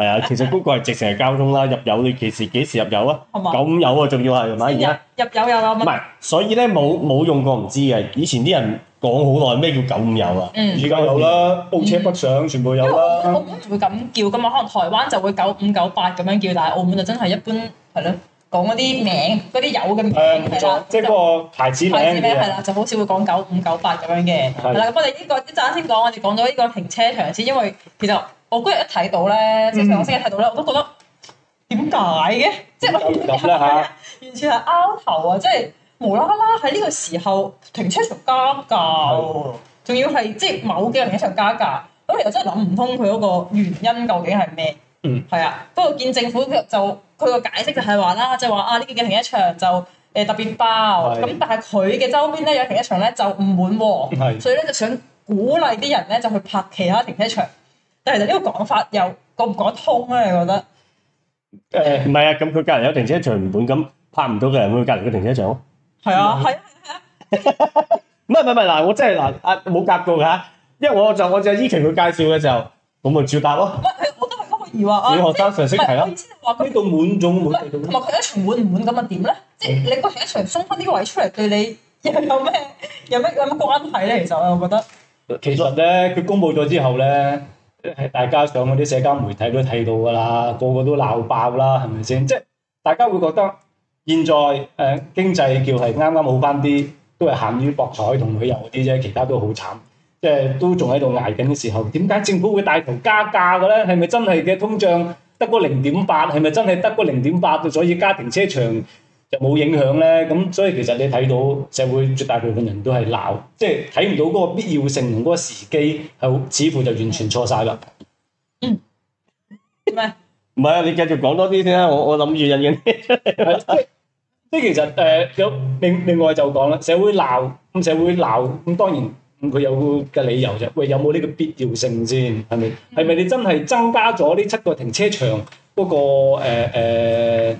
係啊，其實個係直成係交通啦，入油你幾時幾時入油啊？九五油啊，仲要係咪？而家入油又有。唔係，所以咧冇冇用過唔知啊。以前啲人講好耐咩叫九五油啊？而家有啦，部車北上全部有啦。澳門唔會咁叫噶嘛，可能台灣就會九五九八咁樣叫，但係澳門就真係一般係咯，講嗰啲名嗰啲油咁即係嗰個牌子名。牌子名係啦，就好少會講九五九八咁樣嘅。嗱，不過你呢個一陣先講，我哋講咗呢個停車場先，因為其實。我嗰日一睇到咧，嗯、即係我先睇到咧，我都覺得點解嘅？即係完全係拗頭啊！即係無啦啦喺呢個時候停車場加價，仲、嗯、要係即係某幾個停車場加價，咁其實真係諗唔通佢嗰個原因究竟係咩？嗯，係啊。不過見政府就佢個解釋就係話啦，即係話啊呢幾個停車場就誒、呃、特別爆，咁是但係佢嘅周邊咧有停車場咧就唔滿喎，是所以咧就想鼓勵啲人咧就去泊其他停車場。其實呢個講法又過唔過得通咧？你覺得？誒唔係啊，咁佢隔離有停車場唔滿，咁拍唔到嘅人去隔離嘅停車場咯。係啊，係。唔係唔係嗱，我真係嗱啊，冇隔過嘅，因為我就我就 Eason 佢介紹嘅時候，咁咪照拍咯。我都係咁疑惑啊！小學生常識題咯。我意思係話呢個滿種滿。同埋佢一場滿唔滿咁啊？點咧？即係你嗰停一場鬆翻呢個位出嚟，對你又有咩有咩有乜關係咧？其實我覺得。其實咧，佢公佈咗之後咧。大家上嗰啲社交媒體都睇到㗎喇，個個都鬧爆啦，係咪先？即大家會覺得現在誒、呃、經濟叫係啱啱好返啲，都係限於博彩同旅遊嗰啲啫，其他都好慘，即都仲喺度捱緊嘅時候，點解政府會帶頭加價嘅咧？係咪真係嘅通脹得過零點八？係咪真係得過零點八？所以家停車場？就冇影響咧，咁所以其實你睇到社會絕大部分人都係鬧，即係睇唔到嗰個必要性同嗰個時機，係似乎就完全錯晒㗎。嗯，咩？唔係啊，你繼續講多啲先啦，我我諗住引緊啲即即其實誒咁，另、呃、另外就講啦，社會鬧咁社會鬧咁，當然佢有嘅理由啫。喂，有冇呢個必要性先？係咪係咪你真係增加咗呢七個停車場嗰、嗰個誒、呃呃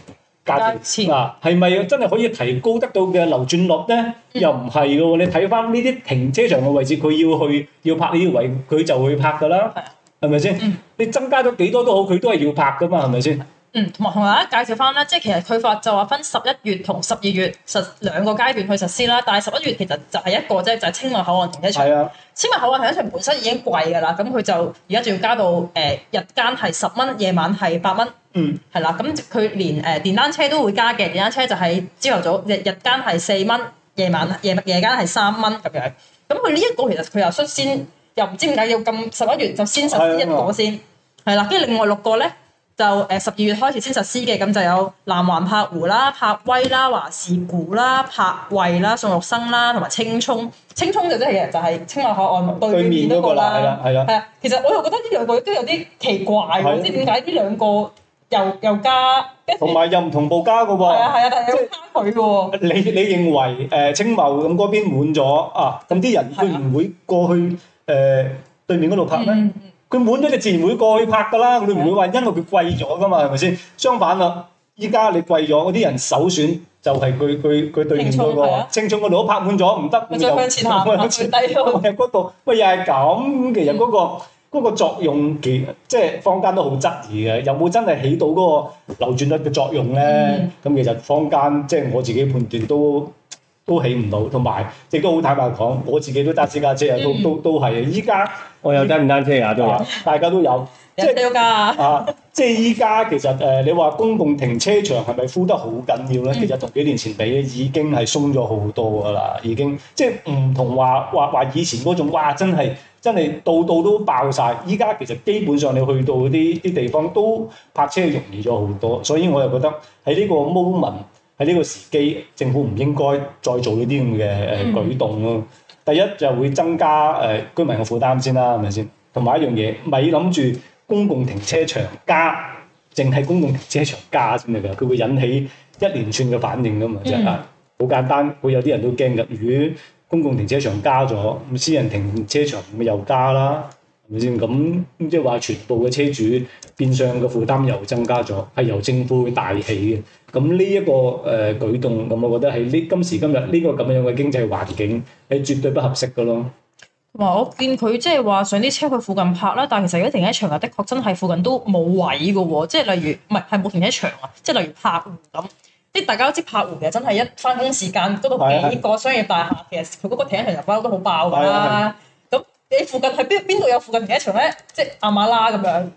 價錢是係咪真係可以提高得到嘅流轉率呢？又唔係嘅喎，你睇返呢啲停車場嘅位置，佢要去要拍呢條位，佢就會拍㗎啦，係咪先？是是嗯、你增加咗幾多都好，佢都係要拍㗎嘛，係咪先？嗯，同埋同大家介紹翻啦，即係其實佢法就話分十一月同十二月實兩個階段去實施啦。但係十一月其實就係一個啫，就係、是、青茂口岸停車場。青茂口岸停車場、啊、本身已經貴嘅啦，咁佢就而家仲要加到誒、呃、日間係十蚊，夜晚係八蚊。嗯，係啦、啊，咁佢連誒、呃、電單車都會加嘅，電單車就係朝頭早日日間係四蚊，夜晚夜夜間係三蚊咁樣。咁佢呢一個其實佢又率先，又唔知點解要咁十一月就先實施一個先，係啦、啊，跟、嗯、住、啊、另外六個咧。就誒十二月開始先實施嘅，咁就有南環柏湖啦、柏威啦、華士古啦、柏惠啦、宋玉生啦，同埋青葱。青葱就真係嘅，就係、是、青茂口岸對面嗰個啦。係啦，係啦。係啊，其實我又覺得呢兩個都有啲奇怪，唔了知點解呢兩個又又加，同埋又唔同步加嘅喎。係啊，係啊，但係有差距嘅喎。你你認為誒、呃、青茂咁嗰邊滿咗啊？咁啲人都唔會過去誒對,了、呃、對面嗰度拍咩？嗯佢滿咗，你自然會過去拍噶啦。佢唔會話因為佢貴咗噶嘛，係咪先？啊、相反啦，而家你貴咗，嗰啲人首選就係佢佢佢對面嗰個青洲嗰度都拍滿咗，唔得，咪再向前行，咪再低咗。其實嗰個，咪又係咁。其實嗰、嗰個嗯、個作用，其即係坊間都好質疑嘅。有冇真係起到嗰個流轉率嘅作用呢？嗯、其實坊間即係我自己判斷都。都起唔到，同埋亦都好坦白講，我自己都揸私家車啊、嗯，都行行都都係啊！依家我又單唔單車啊，都有，大家都有，有車有架啊！即係依家其實誒、呃，你話公共停車場係咪呼得好緊要咧？嗯、其實同幾年前比已經係鬆咗好多噶啦，已經，已經即係唔同話話話以前嗰種哇，真係真係度度都爆晒。依家其實基本上你去到啲啲地方都泊車容易咗好多，所以我又覺得喺呢個 moment。喺呢個時機，政府唔應該再做呢啲咁嘅舉動囉、嗯、第一就會增加、呃、居民嘅負擔先啦，係咪先？同埋一樣嘢，咪諗住公共停車場加，淨係公共停車場加先嚟㗎。佢會引起一連串嘅反應㗎嘛，即係好簡單。會有啲人都驚㗎，如果公共停車場加咗，咁私人停車場咪又加啦，係咪先？咁即係話全部嘅車主變相嘅負擔又增加咗，係由政府大起嘅。咁呢一個誒、呃、舉動，咁我覺得喺呢今時今日呢、呢個咁樣嘅經濟環境，係絕對不合適嘅咯。同埋我見佢即係話上啲車去附近泊啦，但係其實而家停車場啊，的確真係附近都冇位嘅喎。即係例如唔係係冇停車場啊，即係例如泊湖咁。啲大家都知泊柏湖其實真係一翻工時間，嗰度幾個商業大廈，是是是其實佢嗰個停車場包都好爆噶啦。是是是你附近係邊邊度有附近另一場咧？即亞馬拉咁樣，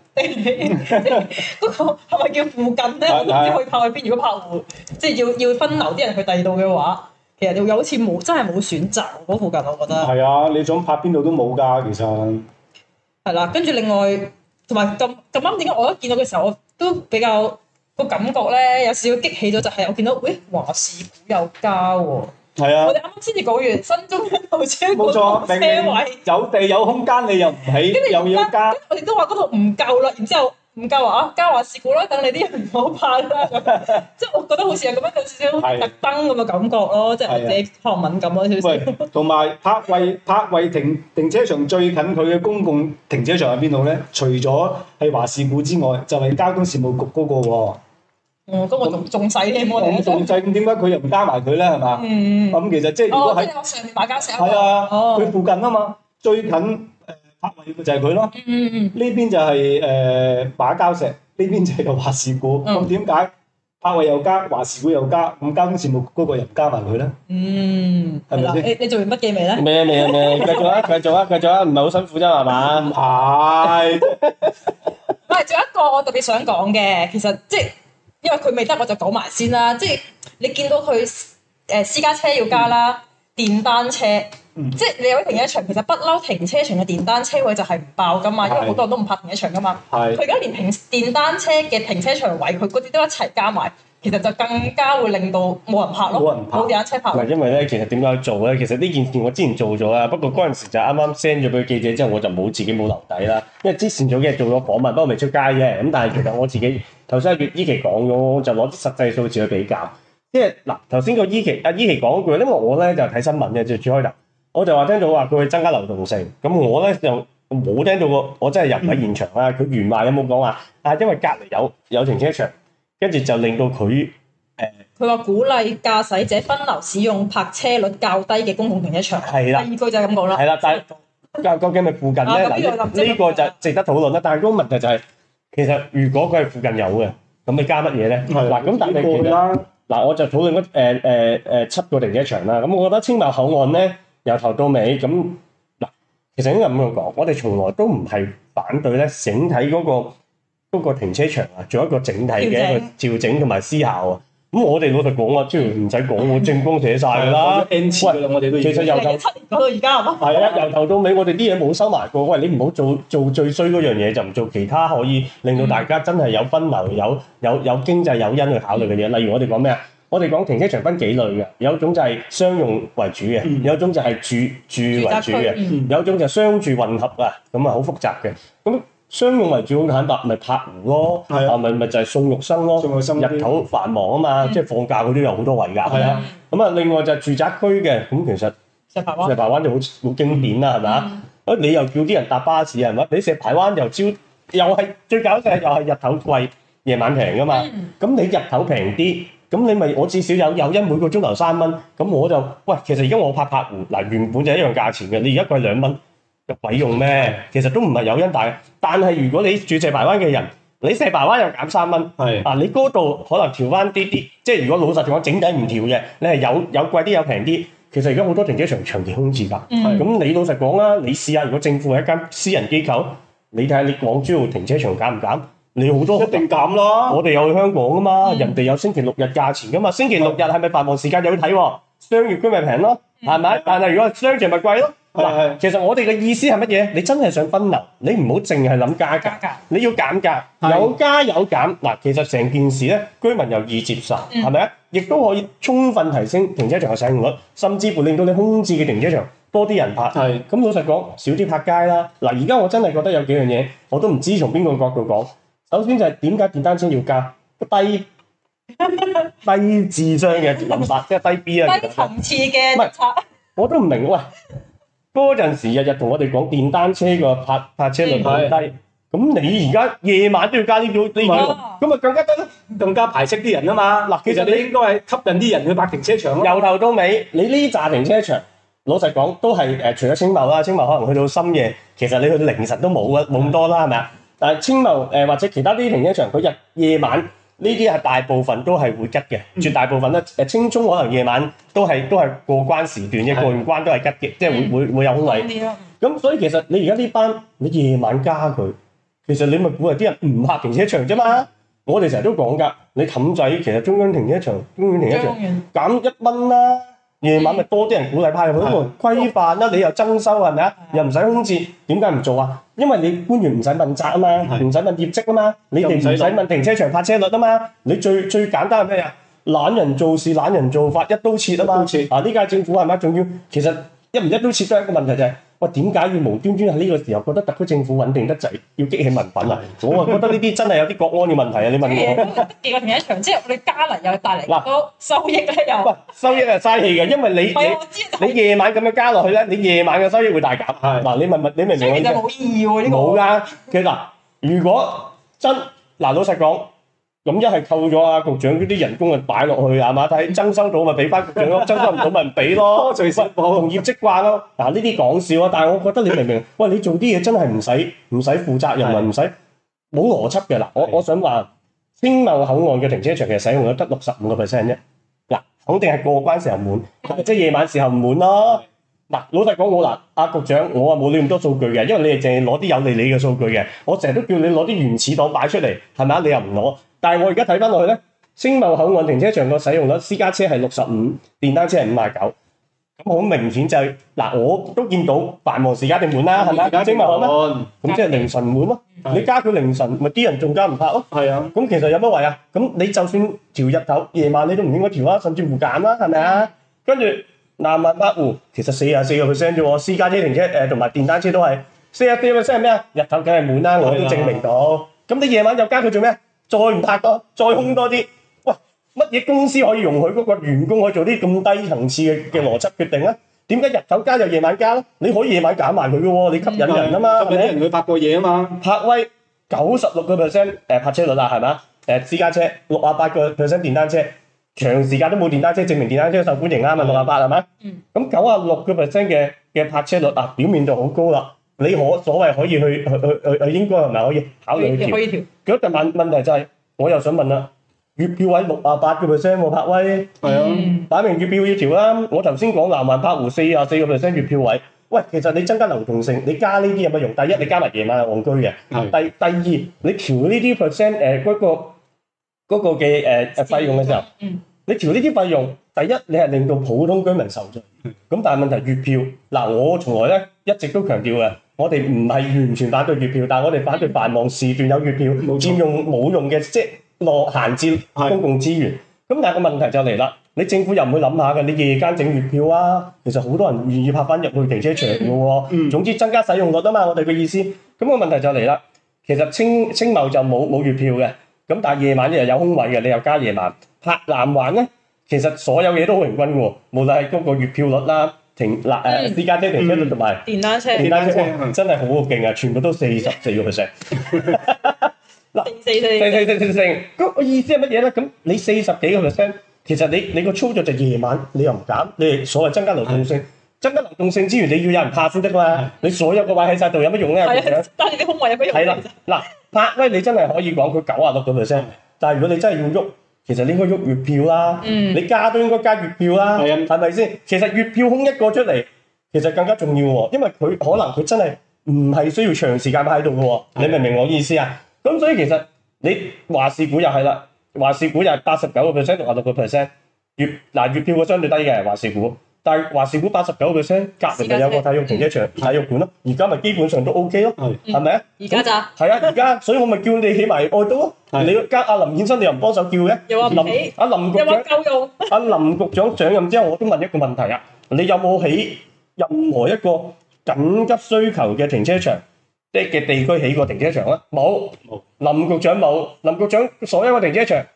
嗰 個係咪叫附近咧？ 我點可以拍去邊？ 如果拍湖，即要要分流啲人去第二度嘅話，其實你又好似冇真係冇選擇嗰附近，我覺得。係啊，你想拍邊度都冇㗎，其實。係啦、啊，跟住另外同埋咁咁啱，點解我一見到嘅時候，我都比較個感覺咧，有少少激氣咗，就係、是、我見到，喂、哎，華士古有交喎、啊。係啊！我哋啱啱先至講完新中一路車冇錯公共車位，明明有地有空間，你又唔起，後又要加。我哋都話嗰度唔夠啦，然之後唔夠啊！加華士古咧，等你啲人唔好拍啦。即係 我覺得好似係咁樣有少少特登咁嘅感覺咯。的即係我自己學敏感咯。同埋的微柏惠柏惠停停車場最近佢嘅公共停車場喺邊度呢？除咗喺華士古之外，就係交通事務局嗰個喎、哦。哦，咁仲仲細啲，我哋仲細咁，點解佢又唔加埋佢咧？係嘛？咁其實即係如果喺上面馬交石，係啊，佢附近啊嘛，最近誒，泊位就係佢咯。呢邊就係誒，馬交石，呢邊就係個華士古。咁點解泊位又加華士古又加？咁交通事務嗰個又唔加埋佢咧？嗯，係咪先？你做完筆記未咧？未啊，未啊，未，繼續啊，繼續啊，繼續啊，唔係好辛苦啫嘛，係嘛？唔係。唔係，仲有一個我特別想講嘅，其實即係。因為佢未得，我就講埋先啦。即係你見到佢誒、呃、私家車要加啦，電單車，即係你有啲停車場，其實不嬲停車場嘅電單車位就係唔爆噶嘛，因為好多人都唔拍停車場噶嘛。佢而家連停電單車嘅停車場位，佢嗰啲都一齊加埋，其實就更加會令到冇人拍咯，冇人拍，冇電單車拍。因為咧，其實點解做咧？其實呢件事我之前做咗啦，不過嗰陣時就啱啱 send 咗俾記者之後，我就冇自己冇留底啦。因為之前早幾日做咗訪問，不過未出街嘅，咁但係其實我自己。頭先阿月依期講咗，我就攞啲實際數字去比較。即係嗱，頭先個依期阿依期講句，因為我咧就睇新聞嘅就住開頭，我就話聽到話佢會增加流動性。咁我咧就冇聽到過，我真係入唔到現場啦。佢、嗯、原話有冇講話？啊，因為隔離有有停車場，跟住就令到佢誒。佢、呃、話鼓勵駕駛者分流使用泊車率較低嘅公共停車場。係啦的。第二句就係咁講啦。係啦，但係 究竟係咪附近咧？嗱、啊，呢、就係、個就值得討論啦。啊、但係個問題就係、係。其實如果佢係附近有嘅，咁你加乜嘢呢？嗱、啊，我就討論咗七個停車場啦。我覺得青茂口岸呢，由頭到尾其實應該咁樣講，我哋從來都唔係反對呢整體嗰個停車場做一個整體嘅調整同埋思考。我哋老實講啊，超唔使講，我正功寫晒噶，我哋都已經其實由頭到而家係，由頭到尾我哋啲嘢冇收埋過。喂，你唔好做，做最衰嗰樣嘢，就唔做其他可以令到大家真係有分流、嗯、有有有經濟有因去考慮嘅嘢。例如我哋講咩？我哋講停車場分幾類嘅，有一種就係商用為主嘅，嗯、有一種就係住住為主嘅，嗯、有一種就係商住混合啊，咁啊好複雜嘅商用為主，坦白咪泊湖咯，啊咪咪就係宋玉生咯，日頭繁忙啊嘛，即係放假嗰啲有好多位噶。咁另外就係住宅區嘅，咁其實石排灣石排灣就好經典啦，係咪？你又叫啲人搭巴士係咪？你石排灣又招又係最搞笑，又係日頭貴，夜晚平㗎嘛。咁你日頭平啲，咁你咪我至少有有因每個鐘頭三蚊，咁我就喂，其實而家我拍泊湖原本就一樣價錢嘅，你而家貴兩蚊。有鬼用咩？其實都唔係有因大。但係如果你住石排灣嘅人，你石排灣又減三蚊，你嗰度可能調返啲啲。即係如果老實講，整體唔調嘅，你係有有貴啲，有平啲。其實而家好多停車場長期空置㗎。咁是你老實講啦，你試下如果政府係一間私人機構，你睇下你港珠澳停車場減唔減？你好多一定減咯。我哋有去香港㗎嘛，嗯、人哋有星期六日價錢㗎嘛。星期六日係咪繁忙時間有睇喎？商業區咪平咯，係咪、嗯？但係如果商場咪貴咯。其實我哋嘅意思係乜嘢？你真係想分流，你唔好淨係諗價格，價你要減價，有加有減。的其實成件事呢，居民又易接受，係咪啊？亦都可以充分提升停車場嘅使用率，甚至乎令到你空置嘅停車場多啲人泊。咁的老實講，少啲泊街啦。嗱，而家我真係覺得有幾樣嘢，我都唔知從邊個角度講。首先就係點解電單車要加低？ 低低智商嘅諗法，即係低 B 次嘅我都唔明喎。嗰陣時日日同我哋講電單車個泊車車率咁低，咁貿你而家夜晚都要加啲咗，咁就更加得，更加排斥啲人啊嘛。嗱，其實你應該係吸引啲人去泊停車場。由頭到尾，你呢啲停車場，老實講都係，呃，除咗青茂啦，青茂可能去到深夜，其實你去到凌晨都冇，冇咁多啦，係咪？但係青茂或者其他啲停車場，佢日夜晚。呢啲係大部分都係會拮嘅，絕、嗯、大部分咧，青葱可能夜晚都係都係過關時段嘅，過完關都係拮嘅，即係、嗯、會,會有空位。咁、嗯、所以其實你而家呢班你夜晚加佢，其實你咪估係啲人唔泊停車場啫嘛。嗯、我哋成日都講㗎，你氹仔其實中央停車場、公園停車場減一蚊啦。夜晚咪多啲人鼓勵派，佢的規範啦，你又增收係咪啊？的又唔使空置，點解唔做啊？因為你官員唔使問責啊嘛，唔使的問業績啊嘛，不用你哋唔使問停車場發車率啊嘛，你最最簡單係咩啊？懶人做事、懶人做法，一刀切啊嘛！呢、啊、家政府係咪仲要？其實一唔一刀切都係一個問題就係喂，點解要無端端喺呢個時候覺得特區政府穩定得滯，要激起民憤啊？我啊覺得呢啲真係有啲國安嘅問題啊！你問我，幾個停車場，即係你加能又帶嚟嗱收益咧，又收益又嘥氣嘅，因為你你夜晚咁樣加落去咧，你夜晚嘅收益會大減。係嗱，你問問你明唔明啊？即係其實冇意義喎，呢個冇㗎。其實嗱，如果真嗱老實講。咁一係扣咗阿局長啲人工就擺落去係嘛？睇增收到咪俾返局長生股股就不就不給咯，增收唔到咪唔俾咯，最辛苦。從業績掛咯，嗱呢啲講笑啊！但係我覺得你明唔明？喂，你做啲嘢真係唔使唔使負責任，唔使冇邏輯㗎嗱。我我想話，青茂口岸嘅停車場其實使用率得六十五個 percent 啫。嗱，肯定係過關時候滿，即係夜晚時候唔滿啦。嗱，老實講我嗱，阿、啊、局長我冇你咁多數據嘅，因為你哋淨係攞啲有利你嘅數據嘅，我成日都叫你攞啲原始檔擺出嚟，係嘛？你又唔攞。但係我而家睇翻落去咧，星茂口岸停車場個使用率，私家車係六十五，電單車係五十九，咁好明顯就係嗱，我都見到繁忙時間定滿啦，係咪？星茂口岸咁即係凌晨滿咯，你加佢凌晨，咪啲人仲加唔拍咯？係啊，咁其實有乜為啊？咁你就算調日頭，夜晚你都唔應該調啊，甚至乎減啦，係咪啊？跟住南萬北湖其實四十四個 percent 啫喎，私家車停車誒，同埋電單車都係四十四個 percent 係咩啊？日頭梗係滿啦，我都證明到。咁你夜晚又加佢做咩？再唔拍多，再空多啲。喂，乜嘢公司可以容許嗰個員工去做啲咁低層次嘅嘅邏輯決定啊？點解日頭加就夜晚加咧？你可以夜晚減埋佢嘅喎，你吸引人啊嘛，吸引人去拍過嘢啊嘛。泊位九十六個 percent 誒，泊車率啊，係嘛？誒、呃，私家車六啊八個 percent 電單車，長時間都冇電單車，證明電單車受歡迎啊嘛，六啊八係嘛？嗯。咁九啊六個 percent 嘅泊車率啊，表面就好高啦。你可所謂可以去去去去應該係咪可以考慮？可以調。咁但係問問題就係，我又想問啦，月票位六啊八個 percent，泊位係啊，擺明月票要調啦。我頭先講南環柏湖四啊四個 percent 月票位，喂，其實你增加流動性，你加呢啲有乜用？第一，你加埋夜晚嘅戇居嘅；第第二，你調呢啲 percent 誒嗰個嗰個嘅誒費用嘅時候，你調呢啲費用，第一你係令到普通居民受罪，咁但係問題月票嗱，我從來咧一直都強調嘅。我哋唔係完全反對月票，但我哋反對繁忙時段有月票沒錯佔用冇用嘅即係落閒置公共資源。咁是的 但係個問題就嚟啦，你政府又唔會諗下嘅，你夜間整月票啊，其實好多人願意泊翻入去停車場嘅喎、哦。嗯、總之增加使用率啊嘛，我哋嘅意思。咁個問題就嚟啦，其實青茂就冇月票嘅，但係夜晚又有空位嘅，你又加夜晚泊南環呢，其實所有嘢都好平均喎，無論係嗰個月票率啦、啊。停嗱誒私家車停車位同埋電單車，電單車、車、車、哦、真係好勁啊！全部都哈哈四十四個 percent。嗱四十四四四四，咁、那個意思係乜嘢咧？咁你四十幾個 percent，其實你你個操作就夜晚你又唔減，你所謂增加流動性，啊、增加流動性之餘你要有人拍先得嘛？你所有個位喺晒度有乜用咧？係啊，但係空位有乜用？係、啊、啦，嗱拍，喂你真係可以講佢九十六個 percent，但係如果你真係要喐。其實你應該喐月票啦，嗯、你加都應該加月票啦，係咪先？吧其實月票空一個出嚟，其實更加重要喎、啊，因為佢可能佢真係唔係需要長時間喺度嘅，你明唔明我意思啊？咁、嗯、所以其實你華視股又係啦，華視股又係八十九個 percent 或六個 percent，月嗱月票個相對低嘅華視股。但係華士館八十九個車，隔離就有個體育停車場、體育館咯。而家咪基本上都 OK 咯，係咪啊？而家咋？係啊，而家，所以我咪叫你起埋愛都咯。你加林衍新，你又唔幫手叫嘅？又話林？又話夠用？阿林局長上任之後，我都問一個問題啊：你有冇起任何一個緊急需求嘅停車場的嘅地區起過停車場啊？冇。冇。林局長冇。林局長所有嘅停車場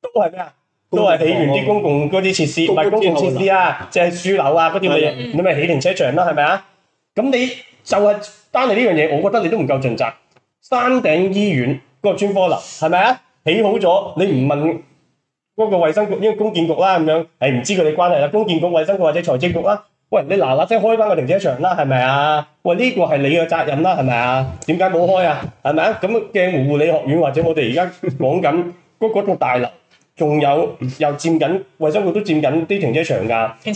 都係咩啊？都係起完啲公共嗰啲設施，唔係公共設施啊，即係輸樓啊，嗰啲嘢，你咪、嗯、起停車場啦，係咪啊？咁、啊、你就係、是、單嚟呢樣嘢，我覺得你都唔夠盡責。山頂醫院嗰、那個專科樓係咪啊？起好咗，你唔問嗰個衛生局，因為公建局啦、啊，咁樣，誒、哎，唔知佢哋關係啦，公建局、衛生局或者財政局啦、啊，喂，你嗱嗱聲開返個停車場啦、啊，係咪啊？喂，呢、這個係你嘅責任啦，係咪啊？點解冇開啊？係咪啊？咁鏡湖護理學院或者我哋而家講緊嗰嗰棟大樓。仲有又佔緊衞生局都佔緊啲停車場㗎，停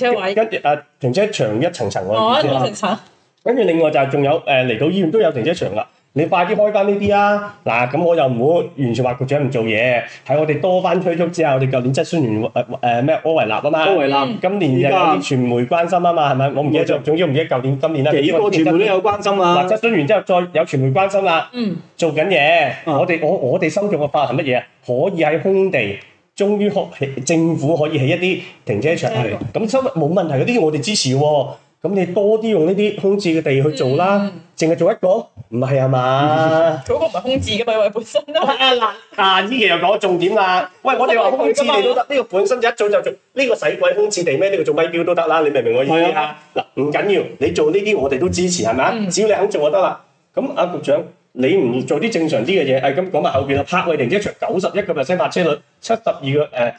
車場一層層喎，一層層。跟住另外就仲有誒嚟到醫院都有停車場啦，你快啲開翻呢啲啊！嗱，咁我又唔會完全話局長唔做嘢，喺我哋多番推促之下，我哋舊年質詢完誒誒咩柯維立啊嘛，柯維立，今年有傳媒關心啊嘛，係咪？我唔記得咗，總之我唔記得舊年今年啦。其實傳媒都有關心啊，質詢完之後再有傳媒關心啦。嗯，做緊嘢，我哋我我哋收著嘅法係乜嘢可以喺空地。終於起政府可以起一啲停車場係，咁收的沒冇問題嗰啲，這些我哋支持喎。咁你多啲用呢啲空置嘅地去做啦，淨係、嗯、做一個，唔係啊嘛？嗰、嗯、個唔係空置嘅地因本身啊嗱，啊呢個、啊、又講重點啦。 喂，我哋話空置地都得，呢個本身就一做就做，呢、這個使鬼空置地咩？呢、這個做咪錶都得啦，你明唔明我意思的啊？嗱，唔緊要，你做呢啲我哋都支持，係咪、嗯、只要你肯做我就得啦。咁阿局長，你唔做啲正常啲嘅嘢，誒咁講埋後邊啦，泊位停車場九十一個 percent 泊車率，七十二個誒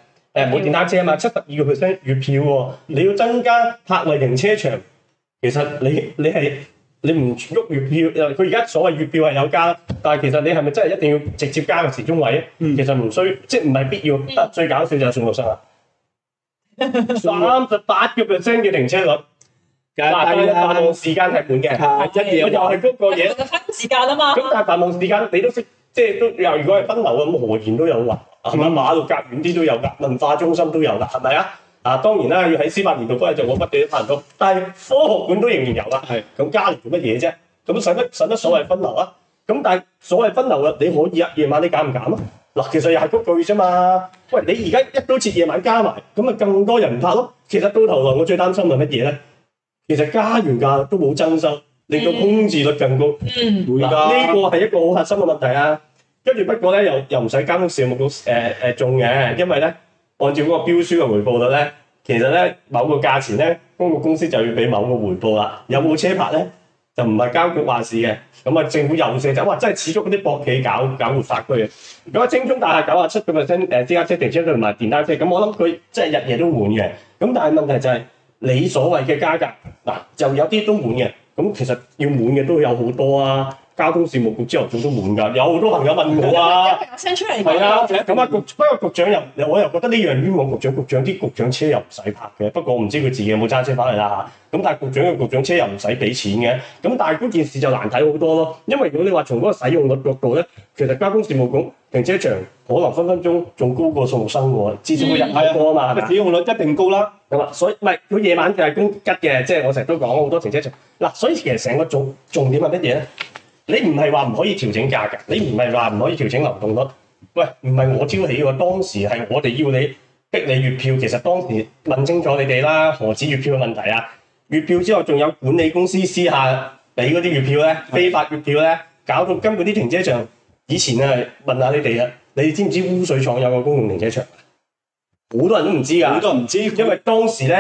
誒無電單車嘛，七十二個 percent 月票喎、哦，你要增加泊位停車場，其實你你係你唔喐月票，佢而家所謂月票係有加，但係其實你係咪真係一定要直接加個時鐘位、嗯、其實唔需，即唔係必要。最搞笑就係宋樂生啦，三十八個 percent 嘅停車率。但係繁忙時間係滿嘅，係、啊、一夜又係嗰個嘢。分時間啊嘛，咁但係繁忙時間你都識，即係都如果是分流咁，何然都有啊？係咪、嗯、馬路隔遠啲都有、啊、文化中心都有、啊、係咪啊？當然啦、啊，要喺司法年度規就我乜嘢都拍唔到，但科學館都仍然有啦、啊。係咁加嚟做乜嘢啫？咁使乜所謂分流啊？咁但係所謂分流嘅你可以啊，夜晚你揀唔揀？嗱，其實又是嗰句啫嘛。喂，你而家一刀切夜晚加埋，咁啊更多人拍咯。其實到頭來我最擔心係乜嘢呢？其實加完價都冇增收，令到空置率更高。嗯，呢個係一個好核心嘅問題啊。跟住不過呢，又又唔使交屋事屋誒誒中嘅，因為呢，按照嗰個標書嘅回報率呢，其實呢，某個價錢呢，嗰公司就要畀某個回報啦。有冇車牌呢？就唔係交局話事嘅。咁啊，政府又射走，哇！真係始終嗰啲博企搞搞活法律啊。如果青蔥大廈九啊七咁啊，真誒即刻即地將佢電單車，咁我諗佢真係日夜都滿嘅。咁但係問題就係。你所謂嘅價格，就有啲都滿嘅，咁其實要滿嘅都有好多啊。交通事務局之後做咗滿噶，有好多朋友問我啊，有聲出嚟係啊。咁啊，局、嗯、樣不過局長又，我又覺得呢樣冤枉。局長局長啲局長車又唔使泊嘅，不過我唔知佢自己有冇揸車返嚟啦吓。咁但係局長嘅局長車又唔使俾錢嘅，咁但係嗰件事就難睇好多咯。因為如果你話從嗰個使用率角度咧，其實交通事務局停車場可能分分鐘仲高過送生喎，至少會入太多啊嘛。嗯、但使用率一定高啦，係嘛？所以唔係佢夜晚就係搬吉嘅，即係我成日都講好多停車場嗱。所以其實成個重重點係乜嘢咧？你唔係話唔可以調整價格，你唔係話唔可以調整流動率。喂，唔係我挑起個，當時係我哋要你逼你月票。其實當時問清楚你哋啦，何止月票嘅問題啊？月票之外，仲有管理公司私下俾嗰啲月票呢？非法月票呢？搞到根本啲停車場。以前啊，問下你哋啊，你知唔知道污水廠有個公共停車場？好多人都唔知㗎，好多唔知，因為當時呢，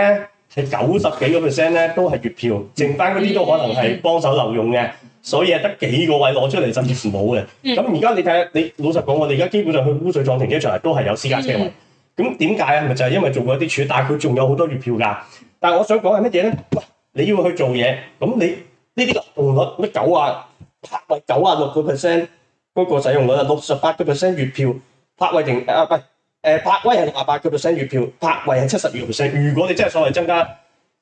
係九十幾個 percent 呢都係月票，剩返嗰啲都可能係幫手留用嘅。所以係得幾個位攞出嚟，甚至乎冇嘅。咁而家你睇下，你老實講，我哋而家基本上去污水廠停車場都係有私家車位。咁點解啊？係咪就係、是、因為做過啲處理？但係佢仲有好多月票㗎。但係我想講係乜嘢咧？喂，你要去做嘢，咁你呢啲利用率乜九啊？泊位九啊六個 percent 嗰個使用率啊，六十八個 percent 月票。泊位停啊，唔、呃、係，誒泊位係六啊八個 percent 月票，泊位係七十二個 percent。如果你真係所謂增加，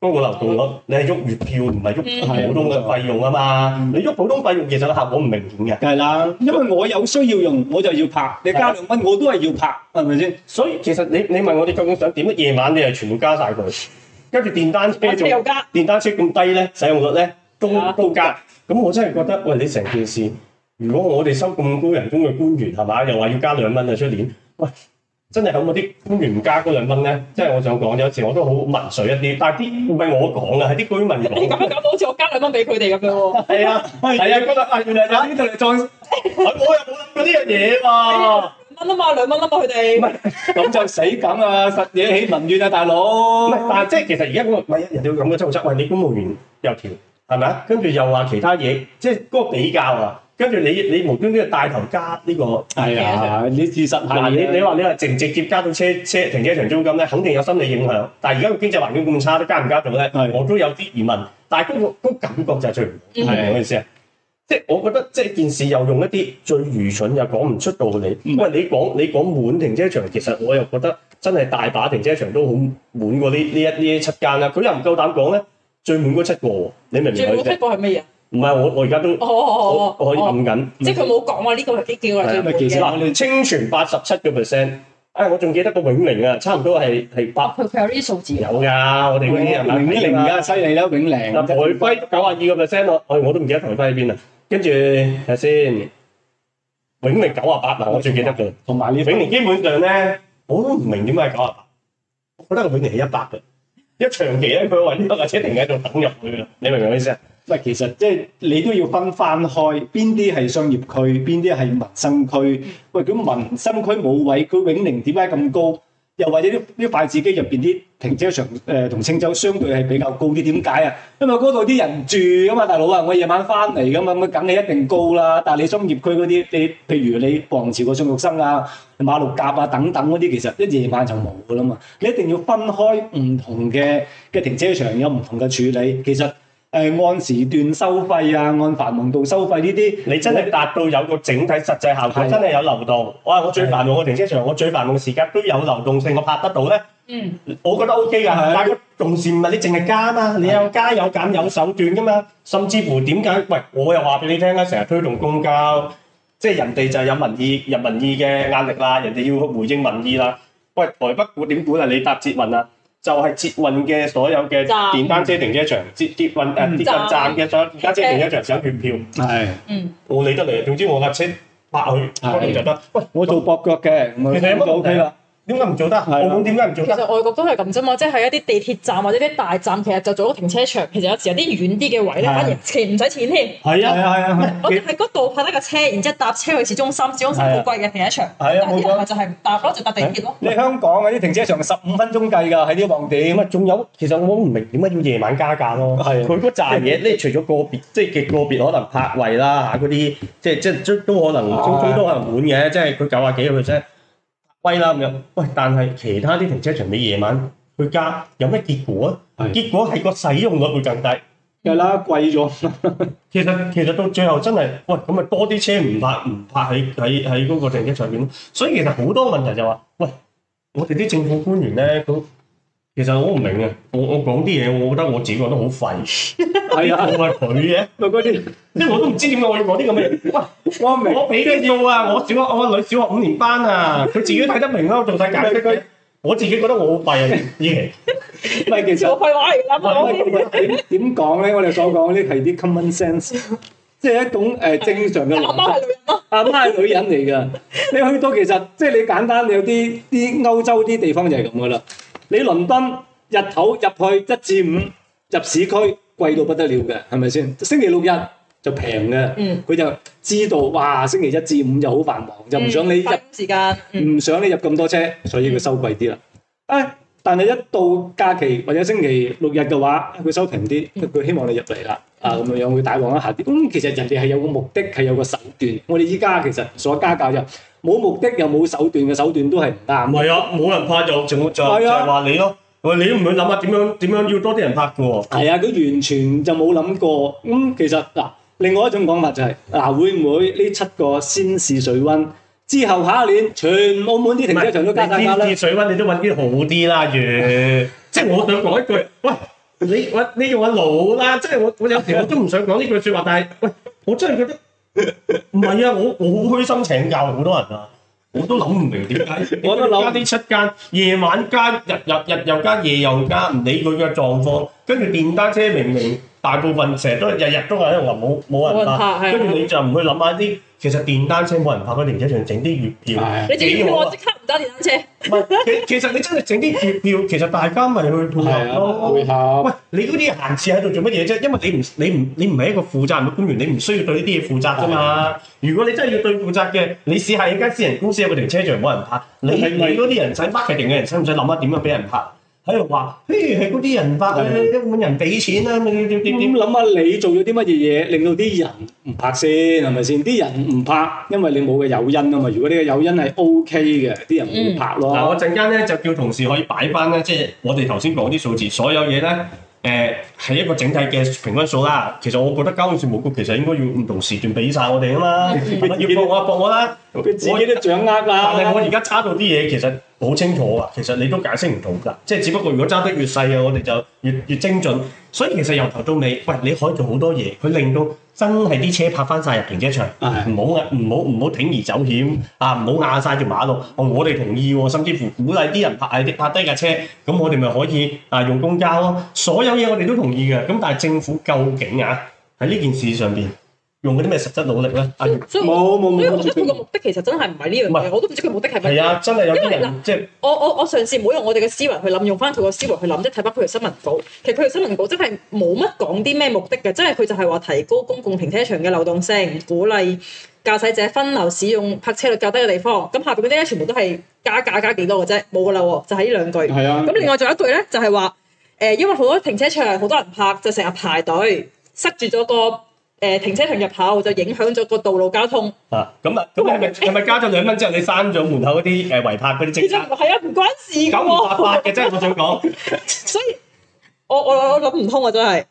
嗰個流動率，你係喐月票，唔係喐普通嘅費用啊嘛。你喐普通費用，其實效果唔明顯嘅。係啦，因為我有需要用，我就要拍。你加兩蚊，是的我都係要拍，係咪先？所以其實你你問我哋究竟想點？夜晚你就全部加曬佢，跟住電單車又加，車加電單車咁低咧，使用率呢，都都加。咁我真係覺得，喂！你成件事，如果我哋收咁高人工嘅官員，係嘛？又話要加兩蚊啊出年。真係響嗰啲公務員唔加嗰兩蚊咧，即係我想講有時我都好墨水一啲，但係啲唔係我講嘅，係啲居民講。你咁樣講好似我加兩蚊俾佢哋咁樣喎。係啊，係啊，嗰度啊，原來就係呢度嚟裝。我又冇諗過嗰啲嘢喎。五蚊啊嘛，兩蚊啊嘛，佢哋。咁就死梗啊！實惹起民怨啊，大佬。唔係，但係即係其實而家嗰個唔係人哋咁嘅執筆。喂，你公務員又調係咪啊？跟住又話其他嘢，即係嗰個比較啊。跟住你，你無端端帶頭加呢、這個，係啊、哎呀，呢事實。嗱，你說你話你話直唔直接加到車車停車場租金咧，肯定有心理影響。但而家個經濟環境咁差，都加唔加到咧，是我都有啲疑問。但係、那、都、個那個感覺就係最唔、嗯、是好。係咪我意思啊？即係我覺得即係件事又用一啲最愚蠢又講唔出道理。因為是你講你講滿停車場，其實我又覺得真係大把停車場都好滿過這這這呢呢一呢一七間啦。佢又唔夠膽講咧，最滿嗰七個，你明唔明我七個係咩嘢？最好唔係我我而家都，我可以按緊，即係佢冇講話呢個係基建或者唔係基建啦。我哋清泉八十七個 percent，誒，我仲記得個永寧啊，差唔多係係八，佢佢有呢啲數字，有噶，我哋嗰啲啊，永寧永寧而家犀利啦，永寧，台輝九十二個 percent，我我都唔記得台輝喺邊啊，跟住睇下先，永寧九十八啊，我仲記得佢，同埋呢永寧基本上咧，我都唔明點解九十八，我覺得永寧係一百嘅，因為長期咧佢搵呢架車停喺度等入去嘅，你明唔明我意思啊？喂，其實即係你都要分返開，邊啲係商業區，邊啲係民生區。喂，咁民生區冇位，佢永寧點解咁高？又或者呢啲筷子基入面啲停車場、呃、和同青洲相對係比較高啲，點解啊？因為嗰度啲人住啊嘛，大佬啊，我夜晚返嚟噶嘛，咁梗係一定高啦。但係你商業區嗰啲，你譬如你皇朝個宋玉生啊、馬六甲啊等等嗰啲，其實一夜晚就冇喇嘛。你一定要分開唔同嘅停車場有唔同嘅處理，其實誒，按時段收費啊，按繁忙度收費呢啲，你真係達到有個整體實際效果，的真係有流動。的哇，我最繁忙嘅停車場，我最繁忙嘅時間都有流動性，我拍得到呢，嗯，我覺得 O K 㗎，是的但係同時你淨係加嘛，你有加有減有手段㗎嘛。的甚至乎點解？喂，我又話俾你聽啊，成日推動公交，即係、嗯、人哋就有民意，有民意嘅壓力啦，人哋要回應民意啦。喂，台北古點古啊？你答捷運啊？就係捷運嘅所有嘅電單車停車場，捷賺捷運賺捷運站嘅所有電單車停車場，上券票。唉我理得嚟，總之我架車泊去，咁是就得。喂，我做駁腳嘅，那你係就 O K 點解唔做得？澳門點解唔做得？其實外國都係咁啫嘛，即係一啲地鐵站或者啲大站，其實就做咗停車場。其實有時有啲遠啲嘅位咧，反而其實唔使錢添。係啊係啊係啊！我喺嗰度泊得個車，然之後搭車去市中心，市中心好貴嘅停車場。係啊，冇錯。就係，但係嗰就搭地鐵咯。你香港嗰啲停車場十五分鐘計噶，喺呢個旺地咁啊，仲有。其實我唔明點解要夜晚加價咯。係佢站扎嘢，呢除咗個別，即係極個別可能泊位啦吓，嗰啲即係即係都可能，都都都可能滿嘅。即係佢九啊幾 percent 貴啦，但係其他啲停車場你夜晚去加，有咩結果啊？是的結果係個使用率會更低，梗係啦，貴咗。 其實其實到最後真係，喂咁多啲車唔泊唔泊喺嗰個停車場面。所以其實好多問題就話，喂，我哋啲政府官員呢其實我唔明啊，我我講啲嘢，我覺得我自己覺得好廢，係 啊， 我係女嘅，咪嗰啲，我都唔知點解我要講啲咁嘅嘢。喂、就是，我我俾你做啊，我小我女小學五年班啊，佢自己睇得明 我仲使解釋佢？ 我自己覺得我廢啊，唔知。其實 我廢話而我媽咪點講呢？我哋所講啲係啲 common sense，即係一種正常嘅邏輯。阿媽係女人阿媽係女人嚟㗎。你去到其實即係、就是、你簡單你有啲啲歐洲啲地方就係咁噶啦。你倫敦日頭入去一至五入市區貴到不得了嘅係咪先？星期六日就平嘅，佢、嗯、就知道哇！星期一至五就好繁忙，就唔想你入時間，唔、嗯嗯、想你入咁多車，所以佢收貴啲啦、嗯、但係一到假期或者星期六日嘅話，佢收平啲，點他佢希望你入嚟啦。咁、嗯啊、樣會大旺一下啲。咁其實人哋係有個目的，係有個手段。我哋而家其實所加價就是。冇目的又冇手段嘅手段都係唔啱。唔係啊，冇人拍就就就就係話你咯。喂，你唔去諗下點樣點樣要多啲人拍嘅喎？係啊，佢完全就冇諗過。咁其實嗱，另外一種講法就係嗱，會唔會呢七個先試水溫，之後下年全澳門啲停車場都加價咧？你試水溫，你都揾啲好啲啦，如即係我想講一句，喂，你用你要揾老啦用腦，即係我我有時我都唔想講呢句説話，但係，喂，我真係覺得。唔 係啊！我我好虛心請教好多人啊！我都諗唔明點解而家啲七間夜晚加日日日又加夜又加唔理佢嘅狀況，跟住電單車明明。大部分成日都日日都係喺度冇人拍，跟住你就唔去諗下啲其實電單車冇人拍，嗰停車場整啲月票幾好啊！唔得的電單車。唔其實 其實你真係整啲月票，其實大家咪去配合咯。是的喂，你嗰啲閒置喺度做乜嘢啫？因為你唔你唔你唔係一個負責嘅官員，你唔需要對呢啲嘢負責的，如果你真係要對負責嘅，你試下有間私人公司有個停車場冇人拍，是的你是的你嗰啲人使乜嘅人使唔使諗啊？點樣俾人拍？喺度話，嘿，係嗰啲人拍咧，一滿的人俾錢啦，點點諗下你做咗啲乜嘢嘢，令到啲人唔拍先係咪先？啲人唔拍，因為你冇嘅誘因啊嘛。如果呢個誘因係 O K 嘅，啲人會拍嗱，嗯、我陣間咧就叫同事可以擺翻咧，即、就、係、是、我哋頭先講啲數字，所有嘢咧，係、呃、一個整體嘅平均數啦。其實我覺得交通事務局其實應該要唔同時段比晒我哋嘛， 要博我博我啦，自己都掌握啦。我而家差到啲嘢，其實。好清楚啊！其實你都解釋唔到㗎，即係只不過如果揸得越細啊，我哋就越越精準，所以其實由頭到尾，喂，你可以做好多嘢，佢令到真係啲車泊翻曬入停車場，唔好唔鋌而走險、嗯、啊！唔好壓曬條馬路。哦、我我哋同意，甚至乎鼓勵啲人泊，泊下低架車，咁我哋咪可以、啊、用公交咯。所有嘢我哋都同意嘅。咁但係政府究竟啊喺呢件事上面。用嗰啲咩實質努力咧？冇冇冇。佢個目的其實真係唔係呢樣嘢，是我都唔知佢目的係乜。係啊，真係有啲人即係為、就是、我我我嘗試唔好用我哋嘅思維去諗，用翻佢個思維去諗，即係睇翻佢條新聞稿。其實佢條新聞稿真係冇乜講啲咩目的嘅，即係佢就係話提高公共停車場嘅流動性，鼓勵駕駛者分流使用泊車率較低嘅地方。咁下邊嗰啲咧，全部都係加價加幾多嘅啫，冇嘅啦，就係、是、呢兩句。係啊。咁另外仲有一句咧，就係話誒，因為好多停車場好多人泊，就成日排隊塞住咗個。誒停車場入口就影響咗個道路交通。啊，咁啊，咁你係咪係咪加咗兩蚊之後，你閂咗門口嗰啲誒違拍嗰啲執法？其實係啊，唔關事嘅喎。咁合法嘅，真係我想講。所以，我我我諗唔通啊，真係。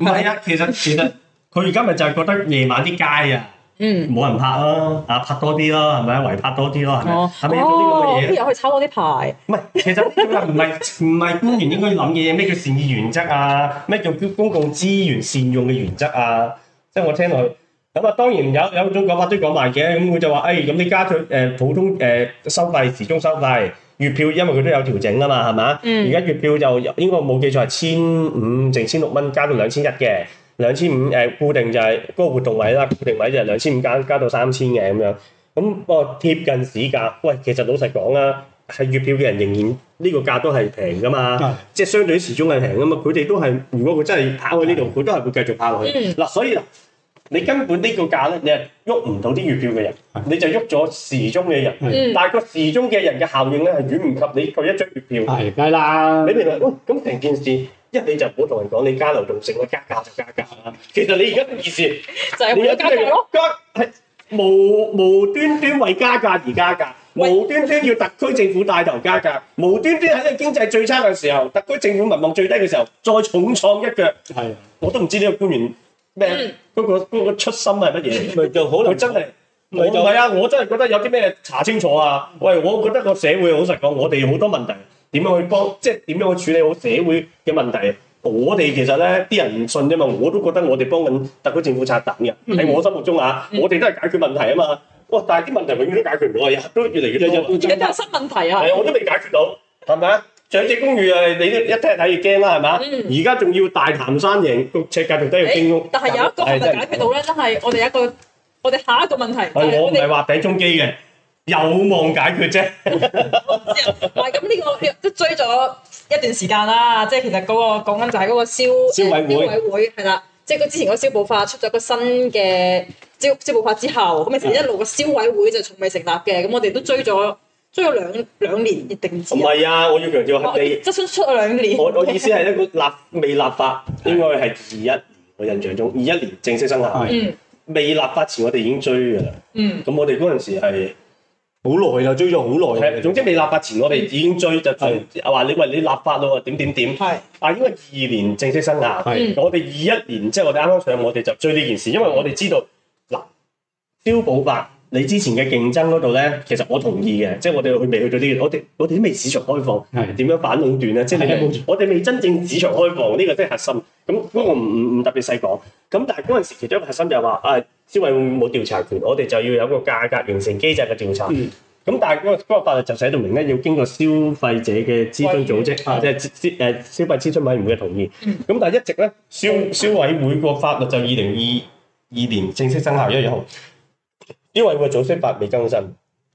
唔係啊，其實其實佢而家咪就係覺得夜晚啲街啊，嗯，冇人拍咯，啊拍多啲咯，係咪啊違拍多啲咯，係咪？咪？哦，可去抄多啲牌。唔係，其實唔係唔係官員應該諗嘢咩叫善意原則啊？咩叫公共資源善用嘅原則啊？即係我聽落去，咁啊當然有有種講法都講埋嘅，咁佢就話，誒、哎、咁你加咗誒普通誒收費時鐘收費月票，因為佢都有調整啊嘛，係嘛？而家、嗯、月票就應該冇記錯係千五定千六蚊，1, 1, 加到兩千一嘅，兩千五誒固定就係嗰個活動位啦，固定位就係兩千五加加到三千嘅咁樣，咁不過貼近市價。喂，其實老實講啦。係月票嘅人仍然呢個價都係平噶嘛，的即係相對時鐘係平噶嘛，佢哋都係如果佢真係要跑去呢度，佢的都係會繼續跑落去。嗱、嗯，所以你根本呢個價咧，你係喐唔到啲月票嘅人，的你就喐咗時鐘嘅人。的但係個時鐘嘅人嘅效應咧，係遠唔及你佢一張月票。係，梗係啦。你明白？喂、哦，咁成件事，一你就唔好同人講你加流動性，加價就加價啦。其實你而家意思就係你加價咯，加係無無端端為加價而加價。無端端要特區政府帶頭加價，無端端喺個經濟最差嘅時候，特區政府民望最低嘅時候，再重創一腳，係的我都唔知呢個官員咩，嗰個嗰個初心係乜嘢？咪就可能真係的，唔係錯啊，我真係覺得有啲咩查清楚啊！喂，我覺得個社會好實講，我哋好多問題點樣去幫，即係點樣去處理好社會嘅問題？我哋其實咧，啲人唔信啫嘛，我都覺得我哋幫緊特區政府拆彈嘅，喺我心目中啊，嗯、我哋都係解決問題啊嘛。但係啲問題永遠都解決唔到啊，都越嚟越多，一啲新問題啊，係啊，我都未解決到，係咪啊？長者公寓啊，你一聽睇就驚啦，係咪啊？而家仲要大潭山形，型斜街仲得要經屋，但係有一個係解決到咧，真係我哋有一個，我哋下一個問題，係我唔係話頂衝機嘅，有望解決啫。唔係咁呢個都追咗一段時間啦，即係其實嗰個講緊就係嗰個消消委會，係啦，即係佢之前個消保法出咗個新嘅。《教育法》之後，咁咪成一路個消委會就從未成立嘅。咁我哋都追咗追咗兩兩年，一定唔係啊！我要強調下你，即出咗兩年。我我意思係一個立未立法，應該係二一年。我印象中，二一年正式生效。未立法前，我哋已經追㗎啦。嗯。咁我哋嗰陣時係好耐啦，追咗好耐。係。總之，未立法前，我哋已經追就係話你喂，你立法咯，點點點。係。啊，應該二二年正式生效，我哋二一年即係我哋啱啱上，我哋就追呢件事，因為我哋知道。消保法，你之前嘅競爭嗰度咧，其實我同意嘅，嗯、即係我哋去未去到呢、呢個，我哋我哋都未市場開放，係點是樣反壟斷咧？的即係我哋未真正市場開放呢、嗯、個真係核心。咁不過唔唔唔特別細講。咁但係嗰陣時，其中一個核心就係話，啊消委會冇調查權，我哋就要有個價格形成機制嘅調查。咁、嗯、但係嗰個法律就寫到明咧，要經過消費者嘅諮詢組織，即係消消費諮詢委員會嘅同意。咁、嗯、但係一直咧， 消消委會個法律就二零二二年正式生效日後，一月一號。因為個組織法未更新，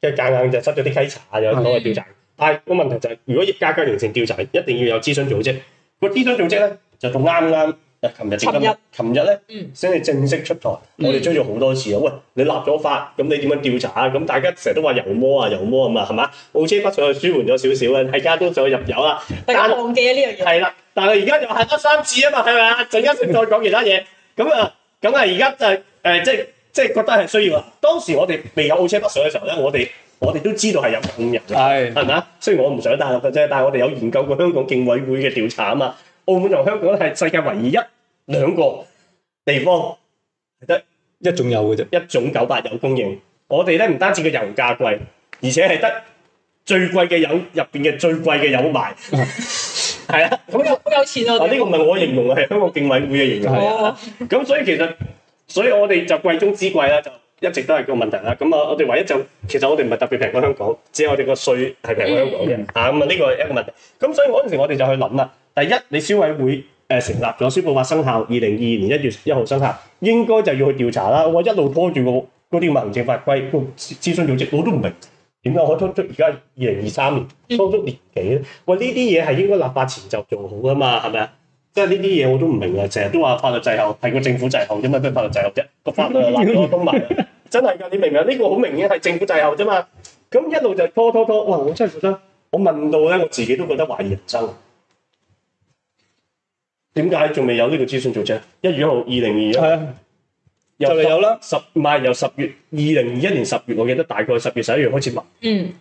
即係夾硬就執咗啲稽查，又攞去調查。的但係個問題就係、是，如果要加急完成調查，一定要有諮詢組織。個諮詢組織咧就同啱啱？誒，琴日天、琴日咧先至正式出台，我哋追咗好多次啊。嗯、喂，你立咗法，咁你點樣調查啊？咁大家成日都話油魔啊，油魔啊嘛，係嘛？澳車不上去舒緩了點點，舒緩咗少少咧，係家都上去入油啦。但係忘記呢樣嘢係啦，但係而家又係得三次啊嘛，係咪啊？陣間 再講其他嘢。咁啊，咁啊、就是，而、呃、家就誒即係。即係覺得係需要啦。當時我哋未有澳車北上嘅時候咧，我哋我哋都知道係有五人，係係嘛？雖然我唔想帶入嘅啫，但係我哋有研究過香港競委會嘅調查啊嘛。澳門同香港係世界唯一兩個地方，得一種有嘅啫，一種九八有供應。我哋咧唔單止個油價貴，而且係得最貴嘅油入邊嘅最貴嘅油賣，係啊， 咁有好有錢啊！呢個唔係我形容啊，係 香港競委會嘅形容。啊。咁 所以其實。所以我哋就貴中之貴啦，就一直都係個問題啦。我哋唯一就其實我哋唔係特別平過香港，只係我哋個稅係平過香港嘅。啊、嗯，咁呢、呢個係一個問題。所以嗰時我哋就去諗第一，你消委會成立咗，消保法生效二零二二年一月一號生效，應該就要去調查啦。我一路拖住個嗰啲行政法規，個諮詢組織我都唔明點解可以拖出而家二零二三年，拖足年幾喂，呢啲嘢係應該立法前就做好噶嘛，係咪啊？即係呢啲嘢我不白都唔明啊！成日都話法律滯後，係個政府滯後啫嘛，都係法律滯後啫。個法律又爛到都埋， 真係噶！你明唔、這個、明呢個好明顯係政府滯後啫嘛。咁一路就拖拖拖。哇！我真係覺得，我問到咧，我自己都覺得懷疑人生。點解仲未有呢個資訊做啫？一月一號，二零二一，的由10，就嚟有啦。十咪由十月二零二一年十月，我記得大概十月十一月開始問。嗯。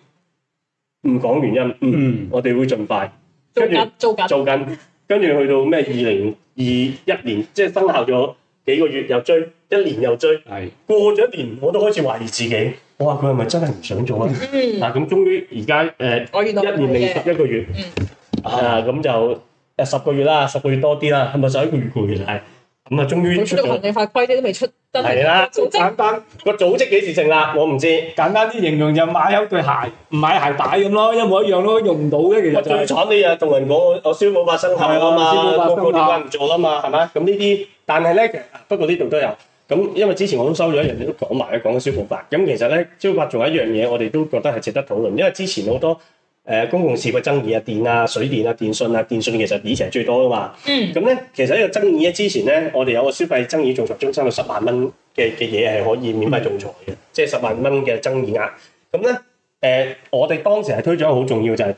唔講原因，嗯，嗯我哋會盡快。跟住，做緊。做緊。跟住去到咩？二零二一年即生效咗幾個月，又追一年，又追。又追係過咗一年，我都開始懷疑自己。我話佢係咪真係唔想做呀、嗯、啊？咁終於而家一年零十一個月，嗯、啊咁就、呃、十個月啦，十個月多啲啦，係咪十一個月過去啦。咁啊，終於出咗。行政法規啲都未出，係啦。簡單個組織幾時成啦？我唔知道。簡單啲形容就買咗對鞋，唔買鞋帶咁囉。一模一樣都用唔到嘅，其實、就是、最慘啲嘢同人講，我我消保法生效啊嘛，個個點解唔做啦嘛，係嘛？咁呢啲，但係呢，不過呢度都有。咁因為之前我都收咗一樣嘢，都講埋啦，講嘅消保法。咁其實呢，消保法仲有一樣嘢，我哋都覺得係值得討論，因為之前好多。誒公共事業嘅爭議啊，電啊、水電啊、電信啊，電信其實以前係最多噶嘛。嗯。咁咧，其實呢個爭議咧之前咧，我哋有個消費爭議仲裁中心，有十萬蚊嘅嘅嘢係可以免費仲裁嘅，即係十萬蚊嘅爭議額。咁、嗯、咧，誒、呃，我哋當時係推咗一個好重要就係、是，嗰、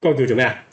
這個叫做咩啊？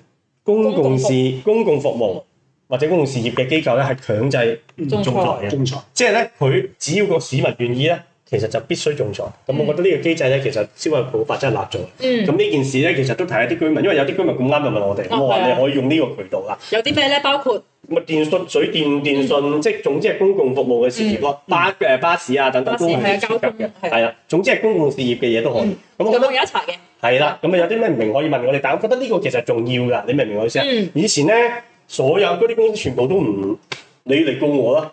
公共事、公共服務或者公共事業嘅機構咧，係強制仲裁嘅，仲裁仲裁即係咧，佢只要個市民願意咧。其實就必須仲裁。咁我覺得呢個機制咧，其實消費普法真係立咗。咁呢件事咧，其實都睇下啲居民，因為有啲居民咁啱就問我哋，我話你可以用呢個渠道啦。有啲咩咧？包括電信、水電、電信，即係總之係公共服務嘅事業咯，巴誒巴士啊等等都唔出格嘅，係啊，總之係公共事業嘅嘢都可以。咁我覺得，公有嘅。係啦，咁啊有啲咩唔明可以問我哋，但係我覺得呢個其實重要㗎，你明唔明我意思啊？以前咧，所有嗰啲公司全部都唔你嚟告我啦，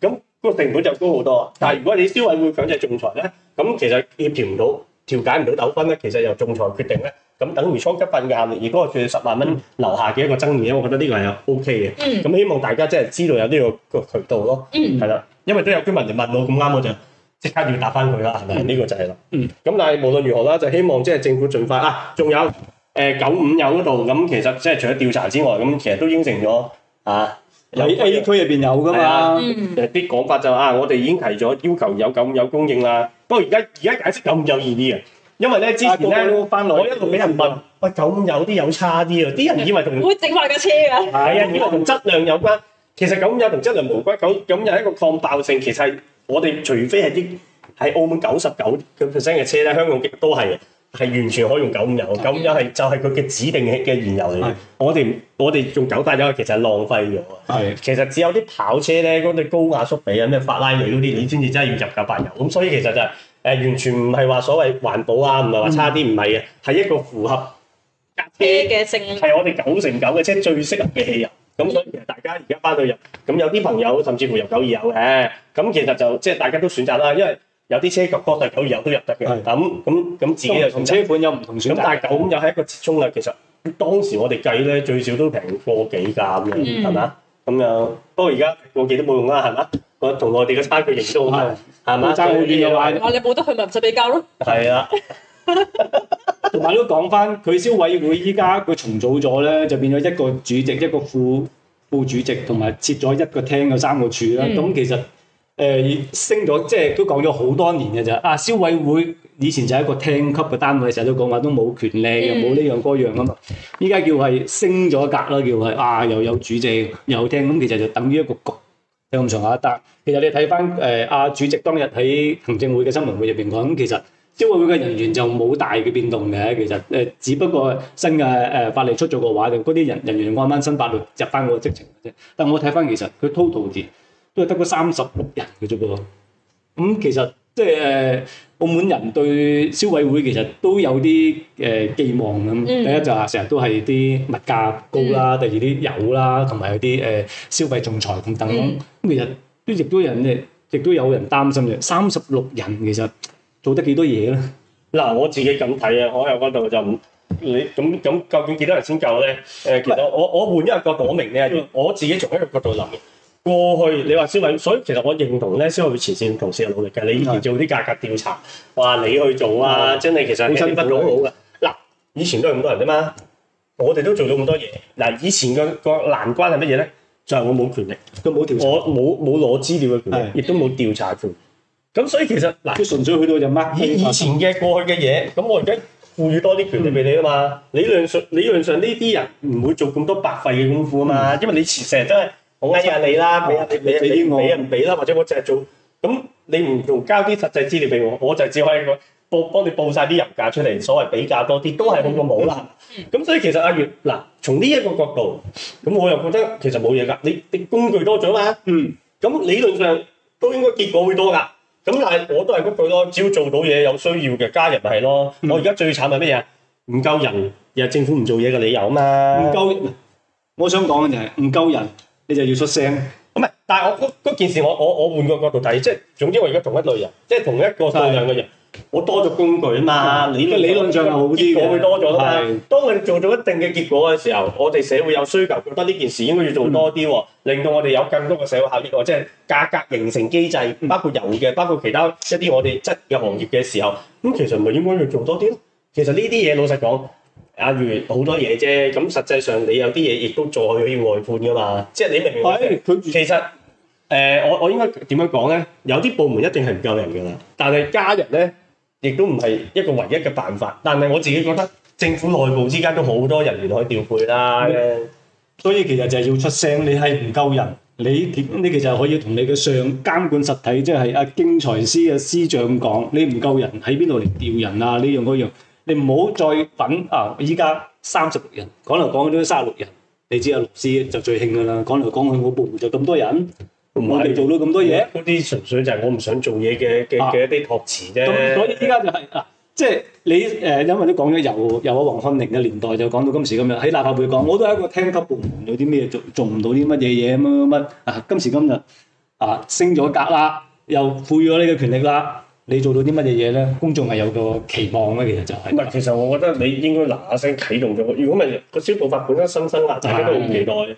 咁。個成本就高好多，但係如果你消委會強制仲裁咧，咁是的 其實協調唔到、調解唔到糾紛咧，其實由仲裁決定咧，咁等於初七份嘅合約，而嗰個算十萬蚊樓下嘅一個爭議咧，我覺得呢個係 OK 嘅。咁、嗯、希望大家即係知道有呢個個渠道咯。係啦、嗯，因為都有居民就問我，咁啱我就即刻要答翻佢啦，係咪、嗯？呢、這個就係啦。咁、嗯、但係無論如何啦，就希望即係政府盡快啊！仲有誒九五油嗰度，咁其實即係除咗調查之外，咁其實都應承咗啊。有 A 區入邊有㗎嘛？誒，啲講法就啊，我哋已經提咗要求有九五油供應啦。不過而家而家解釋九五油二啲嘅，因為咧之前咧翻來我一路俾人問，喂九五油啲有差啲啊，啲人以為同會整壞架車噶。係啊，以為同質量有關，其實九五油同質量無關，九九五油係一個抗爆性。其實係我哋除非係啲喺澳門九十九 percent 嘅車咧，香港都係。係完全可以用九五油，九五油係就係佢嘅指定嘅原燃油嚟。是我哋用九八油，其實係浪費咗。是其實只有啲跑車嗰啲，那個，高壓縮比啊，咩法拉利嗰啲，你先至真係要入九八油。咁所以其實就係，是呃，完全唔係話所謂環保啊，唔係話差啲，唔係，嗯、是係一個符合車車嘅性，係我哋九成九嘅車最適合嘅汽油。咁所以其實大家而家返到入，咁有啲朋友甚至乎用九二油嘅，咁其實就即係大家都選擇啦，因為有啲車各大入各際九二入都入得嘅，咁自己車本有不同的又同車款有唔同選擇。但係九又係一個折中啦。其實當時我哋計咧最少都平個幾架，咁係咪？不過而家我哋都冇用啦，係咪？個同內地嘅差距亦都好大，係咪？爭好遠嘅話，你冇得去咪唔使比較咯。係啦，同埋都講翻，佢消委會依家佢重組咗咧，就變咗一個主席、一個副副主席，同埋設咗一個廳三個處啦。咁、嗯、其實。誒、呃、升咗，即係都講咗好多年嘅咋。啊消委會以前就係一個廳級嘅單位，成日都講話都冇權力，又冇呢樣嗰樣啊嘛。依家、嗯、叫係升咗格咯，叫係啊又有主席，又有廳，咁其實就等於一個局。有咁上下，但其實你睇翻誒啊主席當日喺行政會嘅新聞會入邊講，咁其實消委會嘅人員就冇大嘅變動嘅，其實誒、呃，只不過新嘅誒、呃、法例出咗個話，就嗰啲人人員按翻新法律入翻個職程嘅啫。但我睇翻其實佢 total 字。他滔滔的都係得嗰三十六人嘅啫噃，咁其實即係誒，澳門人對消委會其實都有啲誒寄望咁。第一就係成日都係啲物價高啦，第二啲油啦，同埋有啲誒消費仲裁等等。咁其實都亦都有人亦亦都有人擔心嘅。三十六人其實做得幾多嘢咧？嗱，我自己咁睇啊，我喺嗰度就唔你咁咁究竟幾多人先夠咧？誒，其實我我換一個角度，明你啊，我自己從一個角度諗嘅。過去你話消費，所以其實我認同咧，消委會前線同事嘅努力嘅。你以前做啲價格調查，話的你去做啊，的真係其實是不好的辛苦嘅。嗱，以前都係咁多人啫嘛，我哋都做到咁多嘢。嗱，以前嘅個難關係乜嘢咧？就係我冇權力，佢冇調查我冇冇攞資料嘅權力，亦的都冇調查權力。咁所以其實嗱，佢純粹去到只乜？以以前嘅過去嘅嘢，咁我而家賦予多啲權力俾你啊嘛。理論、嗯、上理論上呢啲人唔會做咁多白費嘅功夫啊嘛，嗯、因為你前成日都係。我翳下你啦，俾啊你俾啊，俾唔俾啊？唔俾啦，或者我淨係做咁，你唔同交啲實際資料俾我，我就只可以個報幫你報晒啲油價出嚟，所謂比價多啲都係好過冇啦。咁所以其實阿月嗱，從呢一個角度，咁我又覺得其實冇嘢噶，你你工具多咗嘛，咁理論上都應該結果會多噶。咁但係我都係嗰句咯，只要做到嘢有需要嘅加入咪係咯。我而家最慘係咩嘢？唔夠人又係政府唔做嘢嘅理由啊嘛。唔夠，我想講嘅就係唔夠人。你就要出聲，唔係，但係我嗰件事我，我我我換個角度睇，即係總之我而家同一類人，嗯、即係同一個數量嘅人，我多咗工具啊嘛，理論理論上係好啲嘅，結果會多咗啦嘛。嗯、的當我哋做咗一定嘅結果嘅時候，我哋社會有需求，覺得呢件事應該要做多啲喎，嗯、令到我哋有更多嘅社會效益喎，即係價格形成機制，包括油嘅，包括其他一啲我哋質嘅行業嘅時候，咁、嗯嗯、其實咪應該要做多啲咧？其實呢啲嘢老實講。阿如好多嘢啫，咁實際上你有啲嘢亦都做可以外判噶嘛，即係你明唔明佢其實、呃、我我應該點樣講咧？有啲部門一定係唔夠人噶啦，但係加人咧亦都唔係一個唯一嘅辦法。但係我自己覺得政府內部之間都好多人員可以調配啦，所以其實就係要出聲。你係唔夠人，你你其實可以同你嘅上監管實體，即係阿經財司啊司長講，你唔夠人喺邊度嚟調人啊？呢樣嗰樣。你唔好再等，啊！依家三十六人，講嚟講去都三十六人。你只有律師就最興噶啦。講嚟講去，我部門就咁多人，不是我哋做到咁多嘢。嗰啲純粹就係我唔想做嘢嘅嘅嘅一啲託辭啫。啊、詞而所以依家就係、是啊、即係你因為都講咗由由阿黃康寧嘅年代就講到今時今日。喺立法會講，我都係一個廳級部門有啲咩，有做做唔到啲乜嘢嘢乜乜啊，今時今日啊，升咗格啦，又賦予咗你嘅權力啦。你做到啲乜嘢嘢咧？公眾係有個期望咧，其實就係。其實我覺得你應該嗱嗱聲啟動咗。如果唔係個消保法本身生生啦，大家都好期待，唔該的。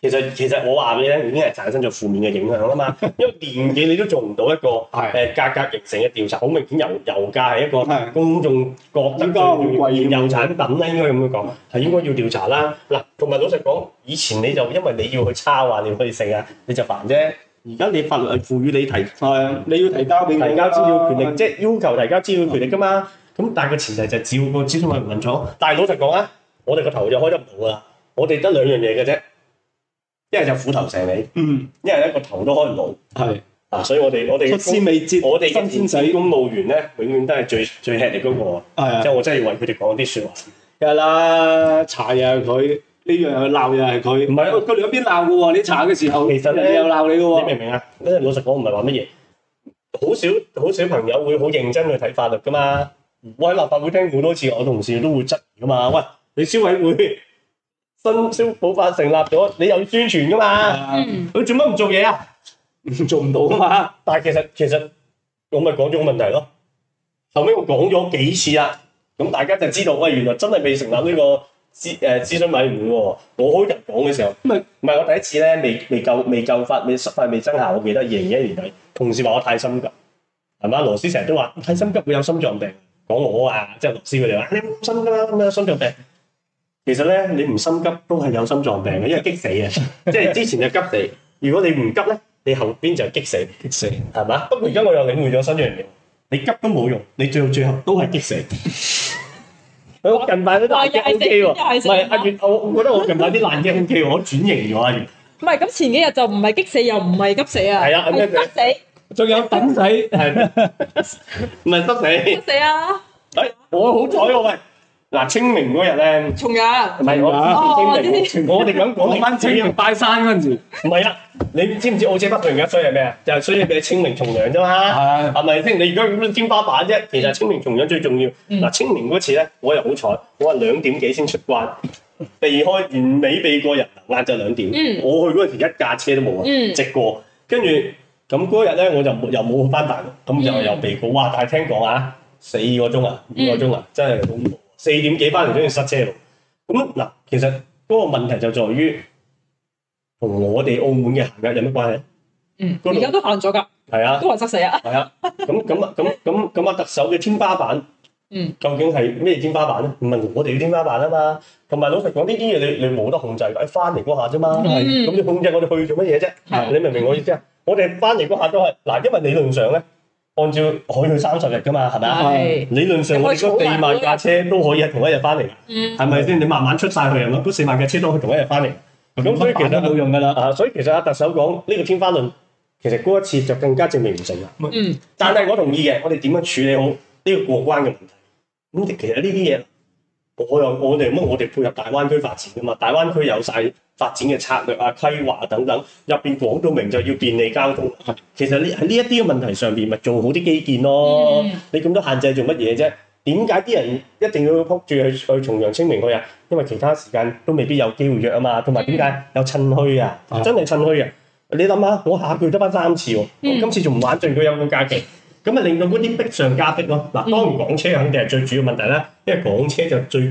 其實其實我話你咧，已經係產生咗負面嘅影響啦嘛。 因為年紀你都做唔到一個誒價的、欸、格形成嘅調查，好明顯油油價係一個公眾覺得貴油產品啦，應該咁樣講係應該要調查啦。嗱的，同埋老實講，以前你就因為你要去抄啊，你要去食啊，你就煩啫。而家你法律係賦予你提你要提交俾大家資料權力，即係要求大家資料權力㗎嘛。咁但係個前提就係照顧諮詢委員會。但係老實講啊，我哋個頭就開得唔好啦。我哋得兩樣嘢嘅啫，一係就虎頭蛇尾，嗯，一係咧個頭都開唔到。係啊，所以我哋我哋新未接，我哋新天仔公務員咧，永遠都係最最吃力嗰個。係啊，即係我真係要為佢哋講啲説話。梗係啦，查下佢。呢樣又鬧又係佢，唔係佢兩邊鬧嘅喎。你查嘅時候其實有你又鬧你嘅喎。你明唔明啊？嗱，老實講，唔係話乜嘢，好少好少朋友會好認真去睇法律嘅嘛。我喺立法會聽好多次，我同事都會質疑嘅嘛。喂，你消委會新消保法成立咗，你又要宣傳嘅嘛？佢、嗯、做乜唔做嘢啊？做唔到啊嘛。但係其實其實我咪講咗個問題咯。後尾我講咗幾次啦，咁大家就知道，喂，原來真係未成立呢、這個。諮誒諮詢委員會喎，我開日講嘅時候，唔係唔係我第一次咧，未未夠未夠發未快未生效，我記得二零一年底，同事話我太心急，係嘛？羅斯成日都話太心急會有心臟病，講我啊，即係羅斯佢哋話你唔心急啦，咩心臟病？其實咧，你唔心急都係有心臟病嘅，因為激死啊。即係之前就急死 如你急。如果你唔急咧，你後邊就係激死，激死係嘛？不過而家我又領換咗新藥，你急都冇用，你最後最後都係激死。 我近排都得 OK 喎，唔係阿月，我覺得我近排啲爛嘅 OK 喎，我轉型咗阿月。唔係咁，前幾日就唔係激死又唔係急死啊，唔係急死，仲有等死，係唔係塞死？塞死啊！誒，我好彩喎喂。嗱，清明嗰日呢，重陽唔係，我知到清明，我哋咁講翻字啊，拜山嗰陣時。唔係啊，你知唔知澳最不平嘅衰係咩啊？就係衰喺你清明重陽啫嘛。係係咪你而家咁天花板啫。其實清明重陽最重要。嗱，清明嗰次呢，我又好彩，我係兩點幾先出關，避開完美避過人。晏晝兩點，我去嗰時一架車都冇啊，直過。跟住咁嗰日我就又冇去返大陸，就又避過。哇！但係聽講啊，四個鐘啊，五個鐘啊，真係恐怖。四點幾翻嚟，都要塞車喎，咁嗱，其實嗰個問題就在於同我哋澳門嘅限額有咩關係？嗯，而家裡都限咗噶，係啊，都係塞死了啊，係啊， 咁咁咁咁咁啊，特首嘅天花板，嗯，究竟係咩天花板咧？唔係我哋嘅天花板啊嘛，同埋老實講，呢啲嘢你你冇得控制嘅，喺翻嚟嗰下啫嘛，係的，咁你控制我哋去做乜嘢啫？係的，你明唔明我意思啊？的我哋翻嚟嗰下都係，嗱，因為理論上咧。按照可以去三十日噶嘛，係咪啊？是理論上我哋嗰、嗯、四萬架車都可以喺同一日翻嚟，係咪先？你慢慢出晒去啊嘛，嗰四萬架車都可以同一日翻嚟。咁所以其實冇用噶啦啊！所以其實阿特首講呢個天花論，其實嗰一次就更加證明唔成啦。嗯，但係我同意嘅，我哋點樣處理好呢個過關嘅問題？咁其實呢啲嘢，我又我哋乜我哋配合大灣區發展噶嘛，大灣區有晒。發展嘅策略啊、規劃等等入邊講到明，就要便利交通。其實你喺呢一啲嘅問題上邊，咪做好啲基建咯。嗯、你咁多限制做乜嘢啫？點解啲人一定要撲住去去重陽清明嗰日？因為其他時間都未必有機會約啊嘛。同埋點解有趁墟啊？啊真係趁墟啊！你諗下，我下個月得翻三次喎，我今次仲唔玩盡佢有冇假期？咁咪令到嗰啲逼上加逼咯。嗱、嗯，當然港車肯定係最主要的問題啦，因為港車就最。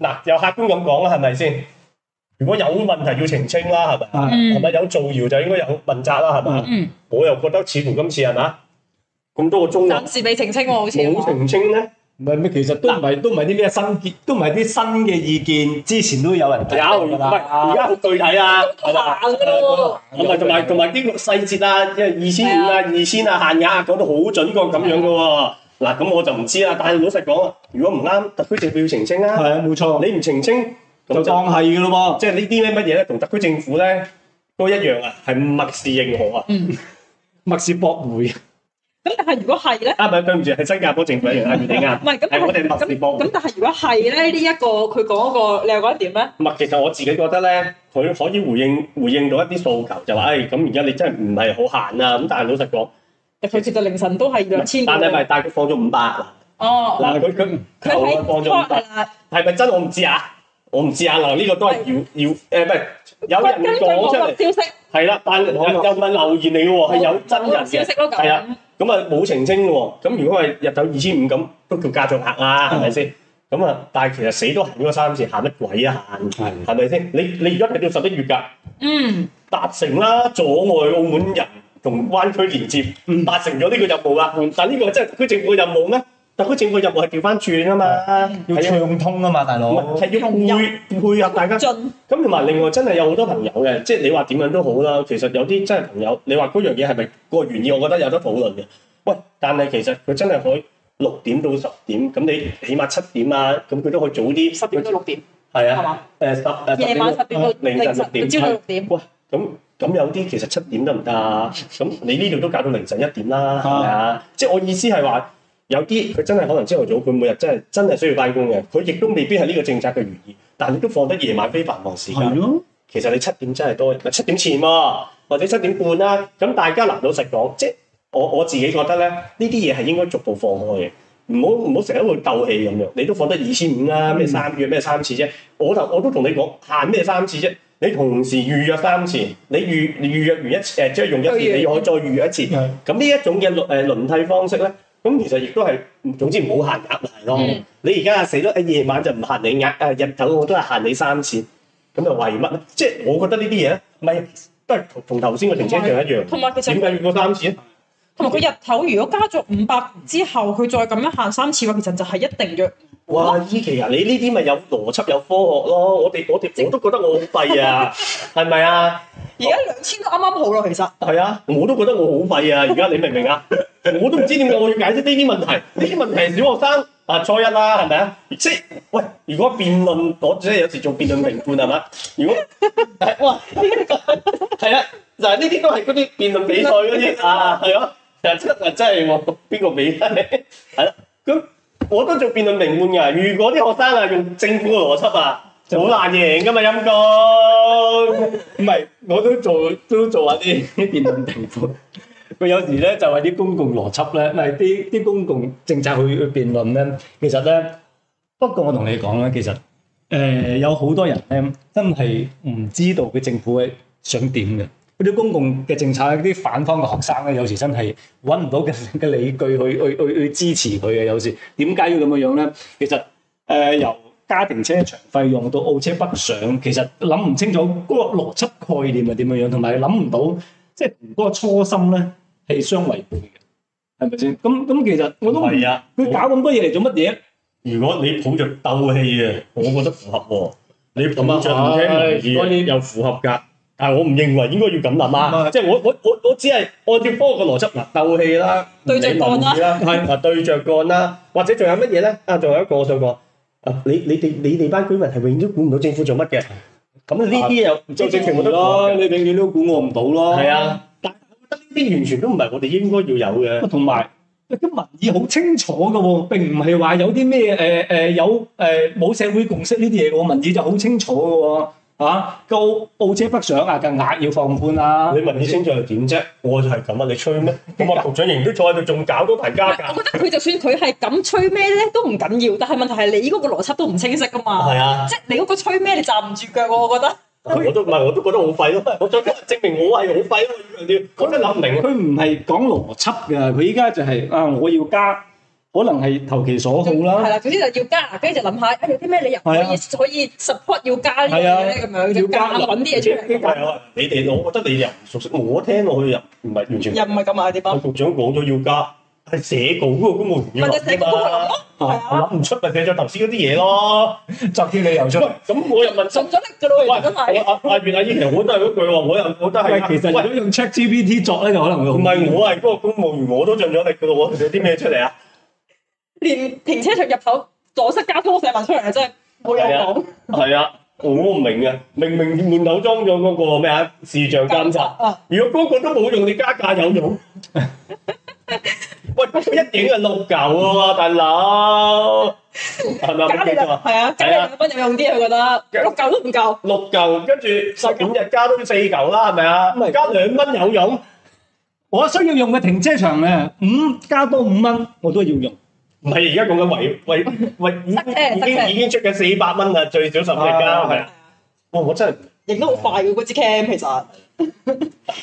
嗱，有客觀咁講啦，係咪先？如果有問題要澄清啦，係咪啊？係咪有造謠就應該有問責啦，係咪啊？嗯，我又覺得似乎今次係嘛？咁多個鐘啊！暫時未澄清喎，好似冇澄清咧。唔係咩？其實都唔係，都唔係啲咩新結，都唔係啲新嘅意見。之前都有人搞，而家好具體啊！咁啊，同埋同埋啲細節啊，即係二千五啊，二千啊，限額講得好準確咁樣嘅喎。嗱，咁我就唔知啦。但係老實講啊，如果唔啱，特區政府要澄清啊。係啊，冇錯。你唔澄清，就當係嘅咯喎。即係呢啲咩乜嘢咧？同特區政府咧都一樣啊，係默示認可啊，默示駁回。咁但係如果係咧？啱唔啱？對唔住，係新加坡政府一樣係唔定啊。唔係，咁係我哋默示駁回，但係如果係咧，呢一個佢講嗰個，你又覺得點咧？唔係，其實我自己覺得咧，佢可以回應回應到一啲訴求，就話誒，咁而家你真係唔係好閒啊？咁但係老實講。佢直接凌晨都係兩千，但係咪大概放咗五百？哦，嗱，佢佢佢放咗五百，係咪真我唔知啊？我唔知啊，嗱，呢個都係要，要，誒，唔有人講出嚟，消息。係啦，但又唔係流言嚟嘅喎，係有真人嘅，係啊，咁啊冇澄清嘅喎，咁如果係入到二千五咁，都叫家族客啦，係咪先？咁啊，但係其實死都行咗三次，行得鬼啊行？係係咪先？你你而家係到十一月噶，嗯，達成啦，阻礙澳門人。同灣區連接，達成咗呢個任務啦。但呢個真係區政府任務咧，特區政府任務係調翻轉啊嘛，要暢通啊嘛，大佬係要配配合大家。咁同埋另外真係有好多朋友嘅，即係你話點樣都好啦。其實有啲真係朋友，你話嗰樣嘢係咪個原意，我覺得有得討論嘅。喂，但係其實佢真係可以六點到十點，咁你起碼七點啊，咁佢都可以早啲。七點到六點，係啊，夜晚七點到凌晨六點哇，咁。咁有啲其實七點得唔得啊？咁你呢度都搞到凌晨一點啦，係咪啊？吧即係我意思係話，有啲佢真係可能朝頭早佢每日真係真係需要翻工嘅，佢亦都未必係呢個政策嘅原意。但係你都放得夜晚非繁忙時間，的其實你七點真係多，七點前喎、啊，或者七點半啦、啊。咁大家老實講，即係我我自己覺得咧，呢啲嘢係應該逐步放開嘅，唔好唔好成日會鬥氣咁樣。你都放得二千五啦，咩三月咩三、嗯、次啫？我就我都同你講限咩三次啫。你同時預約三次，你預預約完一次誒，即係用一次，你可以再預約一次。咁呢、嗯、一種嘅輪誒替方式咧，咁其實亦都係總之唔好限額咯。嗯、你而家死咗，夜晚就唔限你額，誒日頭我都係限你三次，咁又為乜咧？即係我覺得呢啲嘢唔係，都係同同頭先個停車場一樣，點解要過三次咧？同埋佢日頭，如果加咗五百之後，佢再咁樣行三次嘅話，其實就係一定嘅。哇！依琪啊，你呢啲咪有邏輯有科學咯？我哋我哋我都覺得我好廢 啊，係咪啊？而家兩千都啱啱好咯，其實係、哦、啊，我都覺得我好廢啊！而家你明唔明啊？ 我都唔知點解我要解釋呢啲問題，呢啲 問題小學生啊初一啦係咪啊？即係喂，如果辯論，我即係有時做辯論評判係咪？ 如果係、哎、哇，係 啊，就係呢啲都係嗰啲辯論比賽嗰啲 啊，係咯、啊。 啊！真係真係，我邊個俾咧？係咯，咁我都做辯論評判噶。如果啲學生啊用政府嘅邏輯啊，就好難贏噶嘛，陰公。唔係，我都做，都做下啲辯論評判。佢有時咧就話，啲公共邏輯咧，唔係啲啲公共政策去去辯論咧。其實咧，不過我同你講咧，其實誒有好多人咧，真係唔知道佢政府係想點嘅。啲公共嘅政策，啲反方嘅學生咧，有時真係揾唔到嘅嘅理據去去去去支持佢嘅。有時點解要咁嘅樣咧？其實誒、呃，由加停車場費用到澳車北上，其實諗唔清楚嗰個邏輯概念係點樣樣，同埋諗唔到即係嗰個初心咧係相違背嘅，係咪先？咁咁其實我都唔係啊！佢搞咁多嘢嚟做乜嘢？如果你抱着鬥氣啊，我覺得符合喎、啊。 你判準唔聽唔止，又符合㗎。但係我唔認為應該要咁諗啊！是即係我我我我只係按照科學嘅邏輯嗱，鬥氣啦、啊，對著幹啦，係啊，對著幹啦，或者仲有乜嘢咧？啊，仲有一個我想講啊！你你哋你哋班居民係永遠都估唔到政府做乜嘅。咁呢啲又唔知，政治咪得咯？你永遠都估我唔到咯。係啊，但係我覺得呢啲完全都唔係我哋應該要有嘅。同埋，咁民意好清楚嘅喎，並唔係話有啲咩誒誒有誒冇、呃、社會共識呢啲嘢我民意就好清楚嘅喎。啊，澳車北上啊，個額要放寬啦！你問你清楚又點啫？我就係咁啊，你吹咩？麼咁我啊，局長都坐喺度，仲搞到大家。我覺得佢就算佢係咁吹咩呢，都唔緊要。但係問題係你嗰個邏輯都唔清晰噶嘛。係啊，即係你嗰個吹咩，你站唔住腳喎、啊。我覺得。他我都唔係，我都覺得好廢咯。我再證明我係好廢咯。嗰啲諗唔明。佢唔係講邏輯㗎，佢依家就係、係、啊，我要加。可能係投其所好啦。係啦，總之就要加，跟住就諗下，哎，有啲咩理由可以可以 support 要加呢啲嘢咧？咁樣要加，搵啲嘢出嚟。係啊，你哋我覺得你哋又唔熟悉，我聽落去又唔係完全。又唔係咁啊？點解？局長講咗要加，係寫稿嗰個公務員要啊嘛？係啊，諗唔出咪寫咗頭先嗰啲嘢咯？就啲理由出。喂，咁我又問盡咗力噶咯，亦都係。阿阿邊阿姨其實我都係嗰句，我又覺得係。其實為咗用 Chat GPT 作咧，就可能唔係我係嗰個公務員，我都盡咗力噶咯。有啲咩出嚟啊？連停車場入口阻塞交通嘅新聞出嚟啊！真係冇有講，係啊，我唔明啊，明明門口裝咗嗰個咩啊視像監察，如果嗰個都冇用，你加價有用？喂，不過一影係六嚿啊，大佬係咪？加啲啦，係啊，加兩蚊有用啲啊？佢覺得六嚿都唔夠，六嚿跟住十五日加都四嚿啦，係咪啊？加兩蚊有用？我需要用嘅停車場咧，五加多五蚊，我都要用。唔係而家講緊維維已經已經出緊四百蚊啦，最少十日噶係啦。哇！我真係影得好快嘅嗰支 cam，其實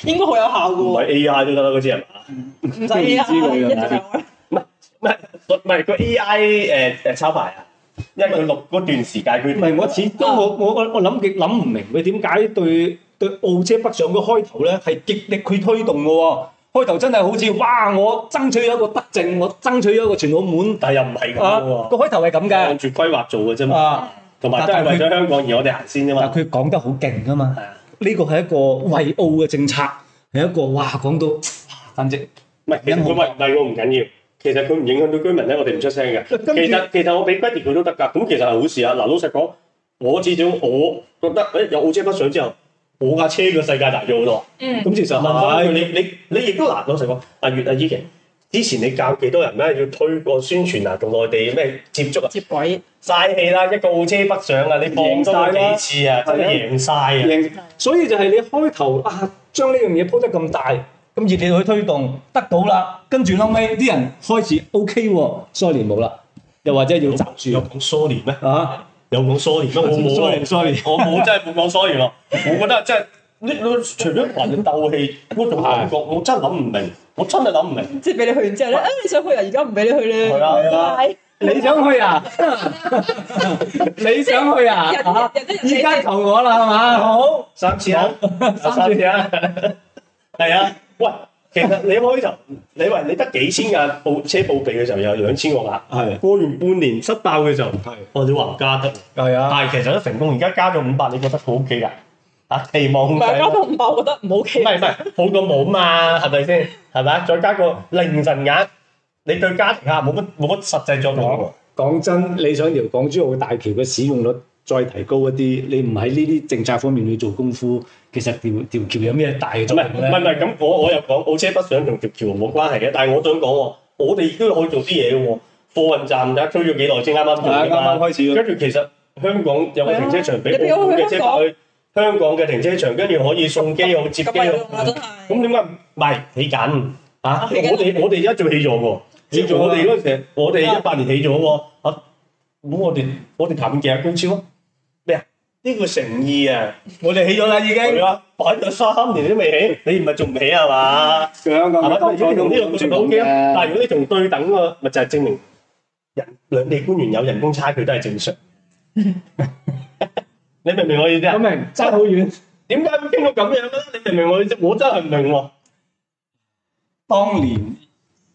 應該好有效嘅喎。唔係 A I 都得啦，嗰支係嘛？唔使 A I 嘅，一直有嘅。唔係唔係個 A I 誒誒抄牌啊！因為佢錄嗰段時間佢唔係我始都我我我我諗極諗唔明佢點解對對澳車北上個開頭咧係極力去推動嘅開頭真係好似，哇！我爭取了一個德政，我爭取了一個全澳門，但又唔係咁噶喎。個開頭係咁嘅，按住規劃做嘅啫嘛。同埋都係為咗香港而我哋行先啫嘛。但係佢講得好勁噶嘛。呢個係一個惠澳嘅政策，係一個哇，講到簡直唔係佢，唔係我唔緊要。其實佢唔影響到居民，我哋唔出聲嘅。其實其實我俾 credit 佢都得噶。咁其實係好事啊。嗱，老實講，我至少我覺得，有澳車北上之後，我架車嘅世界大咗好多，咁其實你你你亦都你難咯，成哥。阿月阿之前你教幾多人呢要推個宣傳、啊，同內地咩接觸、啊、接軌軌。嘥氣啦，一個澳車北上、啊、你放晒啦，次啊，贏了啊真係贏晒所以就係你開頭啊，將呢樣嘢鋪得咁大，咁熱烈去推動，得到啦跟住後屘啲人開始 OK 喎、啊，Sorry 冇啦又或者要執住有咁 Sorry 咩有講 sorry，我冇 sorry，我冇，真係冇講 sorry 咯。我覺得真係你除咗話你鬥氣，我同外國，我真係諗唔明，我真係諗唔明。即係俾你去完之後咧，誒，你想去啊，而家唔俾你去啦。係啊，你想去啊？你想去啊？而家投我啦，係嘛？好，三次好，三次啊，係啊，喂。其實你開頭就，你以為你得幾千嘅保車保備嘅時候有兩千個額，係過完半年失爆嘅時候，或者話加得，係啊，但係其實都成功。而家加咗五百，你覺得好 OK 噶？吓期望唔使，加咗五百，我覺得唔 OK。唔係唔係，好過冇嘛？係咪先？係咪啊？再加個凌晨眼，你對家庭吓冇乜冇乜實際作用。講真，你想條港珠澳大橋嘅使用率？再提高一啲，你唔喺呢啲政策方面去做功夫，其實條條橋有咩大嘅作用咧？唔係唔係咁，我我又講，澳車不想同條橋有冇關係嘅，但係我想講喎，我哋都可以做啲嘢喎。貨運站而家推咗幾耐先啱啱做㗎嘛，啱啱開始。跟住其實香港有個停車場俾澳門嘅車駁去香港嘅停車場，跟住可以送機又接機又好。咁啊，真係。咁點解唔係起緊？我哋我哋而家起咗喎，起咗。我哋嗰時，我哋一八年起咗喎。嚇！我哋我哋近嘅公司咯。呢個誠意啊！我哋起咗啦，已經擺咗三年都未起，你唔係仲未起啊嘛？咁樣咁，係咪對等？唔對等嘅。但係如果你仲對等嘅，咪就係證明人兩地官員有人工差距都係正常。你明唔明我意思？我明，差好遠。點解會經過咁樣咧？你明唔明我意思？我真係唔明喎。當年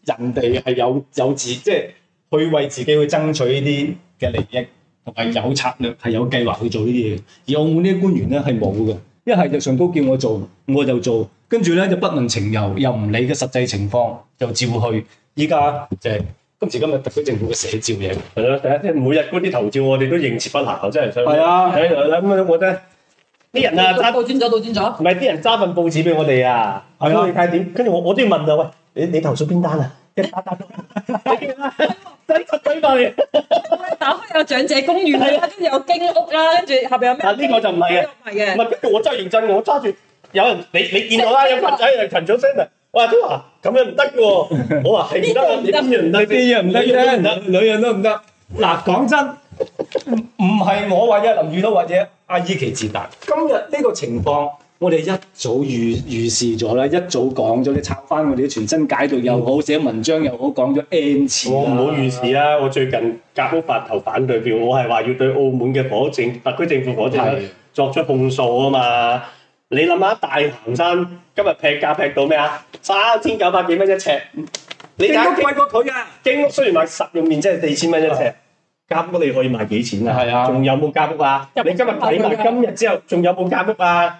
人哋係有有志，即係去為自己去爭取呢啲嘅利益。同埋有策略，係有計劃去做呢啲嘢。而澳門呢啲官員咧，係冇嘅。一係就上高叫我做，我就做。跟住咧就不問情由，又唔理嘅實際情況，就照去。依家就係今時今日特區政府嘅寫照嘢。係咯，第一即係每日嗰啲頭照，我哋都認切，不難啊，真係上。係啊，咁樣我覺得，啲人啊揸到轉咗，到轉咗，唔係啲人揸份報紙俾我哋啊，睇下點。跟住我我都要問啊，喂，你你投訴邊單啊？一打打到。等陣對翻你，打開有長者公寓啦，跟住有經屋啦，跟住後邊有咩？啊，呢個就唔係嘅，唔係嘅。唔係，跟住我真係認真，我揸住。有人，你你見我啦，有佛仔又群組聲啊。我話都話咁又唔得嘅，我話係唔得啊，呢邊人唔得，呢邊人唔得，兩樣都唔得。嗱，講真，唔唔係我話阿林宇滔或者阿依其自達，今日呢個情況。我哋一早預預示咗啦，一早講咗，啲拆翻我哋啲傳新解毒又好，寫文章又好，講咗 N 次。我唔好預示啦！我最近夾屋法投反對票。我係話要對澳門嘅火政、特區政府火政作出控訴啊嘛！的你諗下，大行山今日劈價劈到咩啊？三千九百幾蚊一尺，經屋貴過佢啊！經屋雖然賣實用面積係四千蚊一尺，啊、夾屋你可以賣幾錢啊？係啊的，仲有冇夾屋啊？一你今日睇埋今日之後，仲、啊、有冇夾屋啊？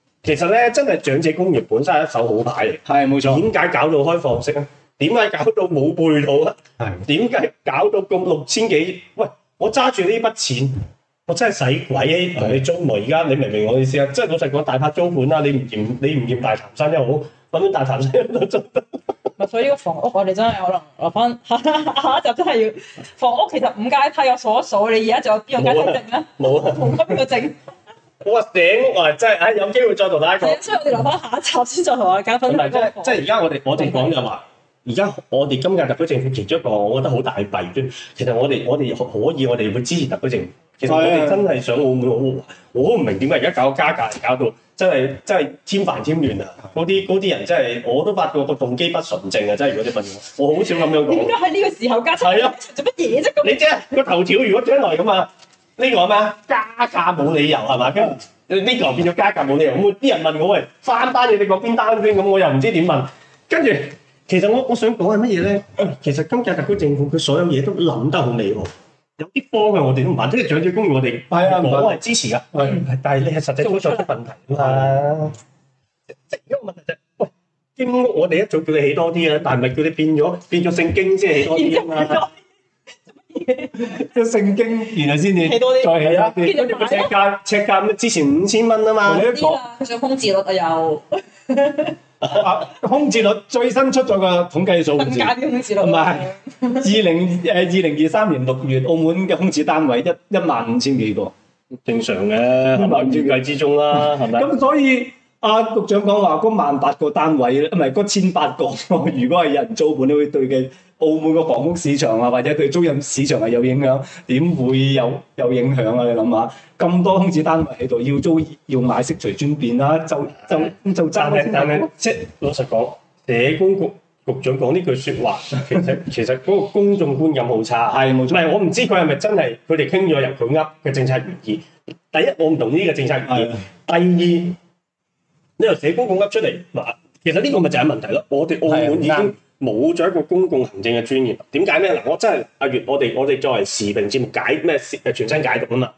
其實咧，真係長者公寓本身係一手好牌嚟。係冇錯。點解搞到開放式咧？點解搞到冇配套咧？係點解搞到咁六千幾？喂，我揸住呢筆錢，我真係使鬼！同你租埋而家，你明唔明我意思啊？即係老實講，大把租盤啦，你唔嫌你唔嫌大潭山好，你又冇搵啲大潭山都租得。咪所以呢個房屋我哋真係可能落翻下一集， 就真係要房屋。其實五階梯有數一數，你而家仲有邊樣階梯證咧？冇啊，冇邊了、啊、個證？ 我話頂，我話、啊、真係，誒、哎，有機會再同大家講。所以我哋留翻下，下一集先，嗯、再同大家分享。唔係，即係而家我哋我哋講就話，而家的我哋今日特區政府其中一個，我覺得好大弊嘅。其實我哋我哋可以，我哋會支持特區政府。其實我哋真係想，澳門好，我好唔明點解而家搞加價，搞到真係真係添煩添亂啊！嗰啲啲人真係，我都發覺個動機不純正啊！真係，如果你問我， 我好少咁樣講。點解喺呢個時候加？係啊，做乜嘢啫？咁你知個頭條，如果將來咁啊？呢個係咩啊？加價冇理由係嘛？跟住呢個變咗加價冇理由，咁啲、這個、人問我喂翻單嘢，你講邊單先？咁我又唔知點問。跟住其實我我想講係乜嘢咧？其實今屆特區政府佢所有嘢都諗得好美好，有啲幫嘅我哋都唔辦，即、就、係、是、長者公寓我哋係啊，啊我係支持噶、啊。嗯、但係你係實際操作啲問題㗎嘛？即係而家問題就係，喂，經屋我哋一早叫你起多啲啊，但係咪叫你變咗變咗聖經先起多啲 即 聖經原來先至，再起一次，跟住個尺價，尺價之前五千蚊啊嘛，上空置率又、啊， 啊，空置率最新出咗個統計數字，唔係二零誒二零二三年六月澳門嘅空置單位一一萬五千幾個，正常嘅，係咪預計之中啦，係咪 吧？咁所以。阿、啊、局長講話嗰萬八個單位，唔係嗰千八個，如果係有人租盤，你會對澳門個房屋市場或者對租賃市場係有影響？點會有，有影響啊？你諗下，咁多空置單位喺度，要租要買，悉隨尊便啦，就就就爭啊是就！但係即就老實講，社工局局長講呢句說話 其，其實其實嗰個公眾觀感好差，係冇 錯。唔係我唔知佢係咪真係佢哋傾咗入去噏嘅政策原意。第一，我唔同意呢個政策原意。的第二。你又寫公共噏出嚟，其實呢個咪就係問題咯。我哋澳門已經冇咗一個公共行政嘅專業，點解咧？嗱，我真係阿月，我哋我哋作為時評節目解咩説誒，傳新解毒啊嘛。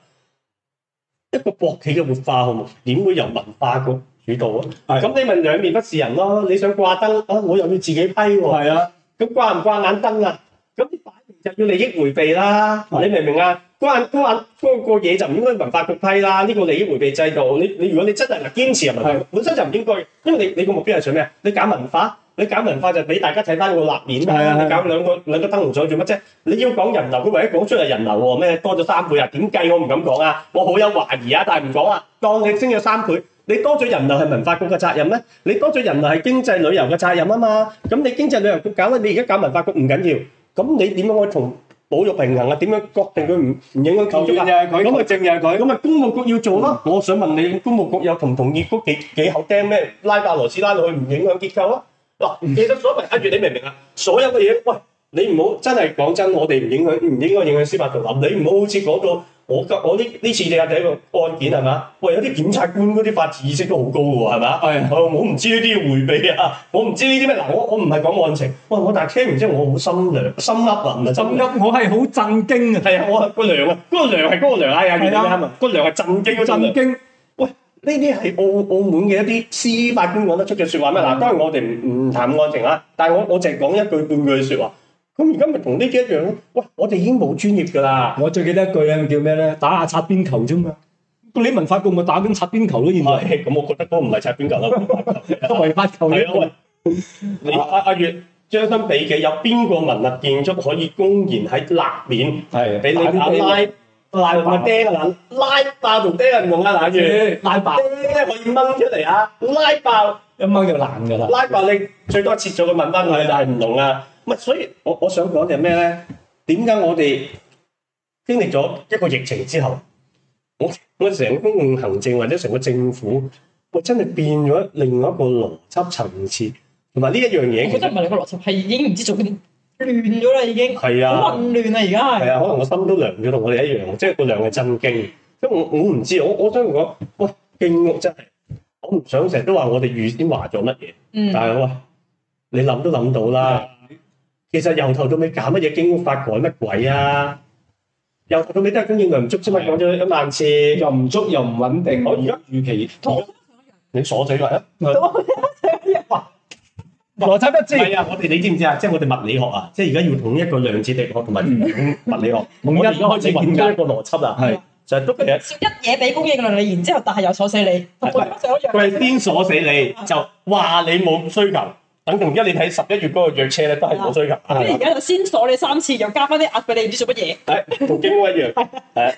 一個國企嘅活化項目，點會由文化局主導啊？咁你問兩面不是人咯。你想掛燈我又要自己批喎。係啊，咁、啊、掛唔掛眼燈啊？咁擺明就要利益迴避啦。啊、你明唔明啊？嗰、那個嗰、那個嘢就唔應該文化局批啦，呢、這個利益迴避制度，你，你，你如果你真係就堅持係咪？是的本身就唔應該，因為你你個目標係做咩啊？你搞文化，你搞文化就係俾大家睇翻個立面，的的你搞兩個燈籠做乜啫？你要講人流，佢唯一講出係人流喎，咩多咗三倍啊？點計我唔敢講啊，我好有懷疑啊，但係唔講啊。當你升有三倍，你多咗人流係文化局嘅責任咩，你多咗人流係經濟旅遊嘅責任啊嘛。咁你經濟旅遊局搞你而家搞文化局唔緊要，咁你點可以同？保育平衡啊？點樣確定佢唔影響建築啊？咁咪證人係佢，咁咪他公務局要做咯、啊嗯。我想問你，公務局有同不同意嗰幾幾口釘咩拉，拉下螺絲拉到去唔影響結構啊？嗱、啊，其實所謂跟住、嗯、你明唔明啊？所有嘅嘢，喂，你唔好真係講真的，我哋唔影響，唔應該影響司法獨立。你唔好好似嗰個。我我呢次地下底個案件係嘛？喂，有啲檢察官嗰啲法治意識都好高喎，係嘛、嗯？我不唔知呢啲要回避啊！我唔知呢啲咩嗱，我我唔係講案情。喂，我但係聽完之後，我好心涼心泣啊，心，唔係，我係好震驚啊！係啊，我，我、嗰個娘啊，嗰個涼係嗰個涼啊！係來啊，係啊，個娘係震驚惹嗰震驚！喂，呢啲係澳澳門嘅一啲司法官講得出嘅說話咩？嗱，當然我哋唔談案情啊，但係我，我只淨講一句半句說話。咁而家咪同呢啲一樣咯。喂，我哋已經冇專業㗎啦。我最記得一句咧，叫咩呢？打下擦邊球啫嘛。你文化局咪打緊擦邊球咯，原來。咁我覺得都唔係擦邊球啦，都違法球。係啊，阿月，將心比己，有邊個文物建築可以公然喺立面係俾你拉拉到咩釘啊？嗱，拉爆同釘係唔同噶，阿月。拉釘咧可以掹出嚟啊，拉爆。一掹就爛噶啦。拉爆你最多切咗個文翻佢，但係唔同啊。所以我我想講就係咩呢？點解我哋經歷咗一個疫情之後，我整成公共行政或者成個政府，我真係變咗另外一個邏輯層次，同埋呢一樣嘢，我覺得唔係兩個邏輯，係已經唔知做緊亂咗啦，已經，係啊、混亂啦、啊，而家係。可能我心都涼咗，同我哋一樣，即、就、係、是、個的震驚，所以我我唔知，我我，知道我，我想講，喂，勁真係，我唔想成日都話我哋預先話咗乜嘢，嗯、但係我話你諗都諗到啦。其實由頭到尾搞乜嘢經濟法改乜鬼啊？由頭到尾都係供應量唔足之嘛，講咗一萬次，的又唔足又唔穩定。嗯、我而家預期你鎖死佢啦，邏輯哇不知。係啊、嗯，我哋你知唔知啊？即係我哋物理學啊，即係而家要統一個量子力學同埋物理學，嗯、我而家開始變咗一個邏輯啦。係就係都係一嘢俾供應量你，然之後但係又鎖死你，佢係先鎖死你就話你冇需求。等同而家你睇十一月嗰個約車咧，都係冇追噶。所以而家就先鎖你三次，又加翻啲壓俾你，唔知做乜嘢。係同姜偉一樣，係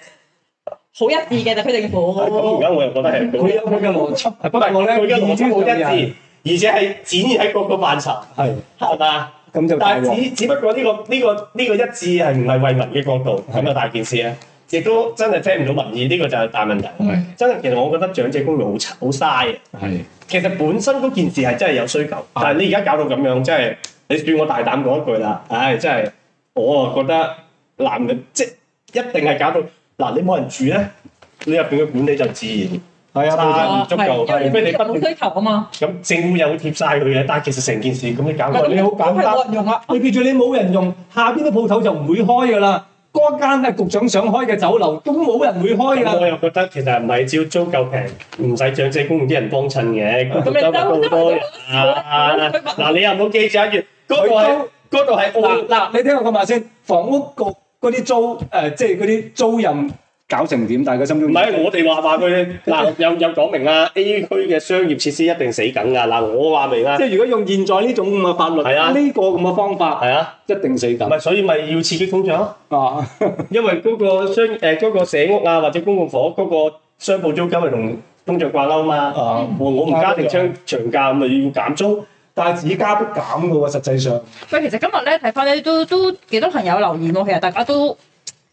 好一致嘅，就係區好。府突然我又覺得係佢有佢嘅邏輯，但係我咧佢嘅邏輯好一致，而且係展現喺各個範疇，係係嘛？咁就但係只只不過呢個呢個呢個一致係唔係為民嘅角度，係咪大件事啊？亦都真係聽唔到民意，呢、這個就係大問題。嗯、真係，其實我覺得長者公寓好差、好嘥。係的，其實本身嗰件事係真係有需求，是的但是你而家搞到咁樣，真、就、係、是、你恕我大膽講一句啦，唉，真係我啊覺得男人，即係一定係搞到嗱，你冇人住咧，你入邊嘅管理就自然係啊，冇錯的，係因為你冇需求啊嘛。咁政府又會貼晒佢嘅，但係其實成件事咁樣搞落嚟好簡單，意味住你冇人，人用，下邊啲鋪頭就唔會開噶啦。嗰間係局長想開嘅酒樓，都冇人會開㗎。咁我又覺得其實唔係只要租夠平，唔使長者公寓啲人幫襯嘅，咁得唔得啊？嗱，你又唔好記住，嗰個係嗰度係。嗱嗱，你聽我講埋先，房屋局嗰啲租誒，即係嗰啲租金。搞成點？但係佢心中唔係我哋話話佢嗱，又又講明啊，A 區嘅商業設施一定死梗噶嗱，我話明啊，即係如果用現在呢種咁嘅法律，係啊呢個咁嘅方法，係啊一定死梗。唔係所以咪要刺激通脹？啊，因為嗰個商誒嗰個社屋啊或者公共房屋嗰個商鋪租金咪同通脹掛鈎嘛。啊，我唔加定長價咪要減租，但係只加不減嘅喎，實際上。喂，其實今日咧睇翻咧都都幾多朋友留言咯，其實大家都。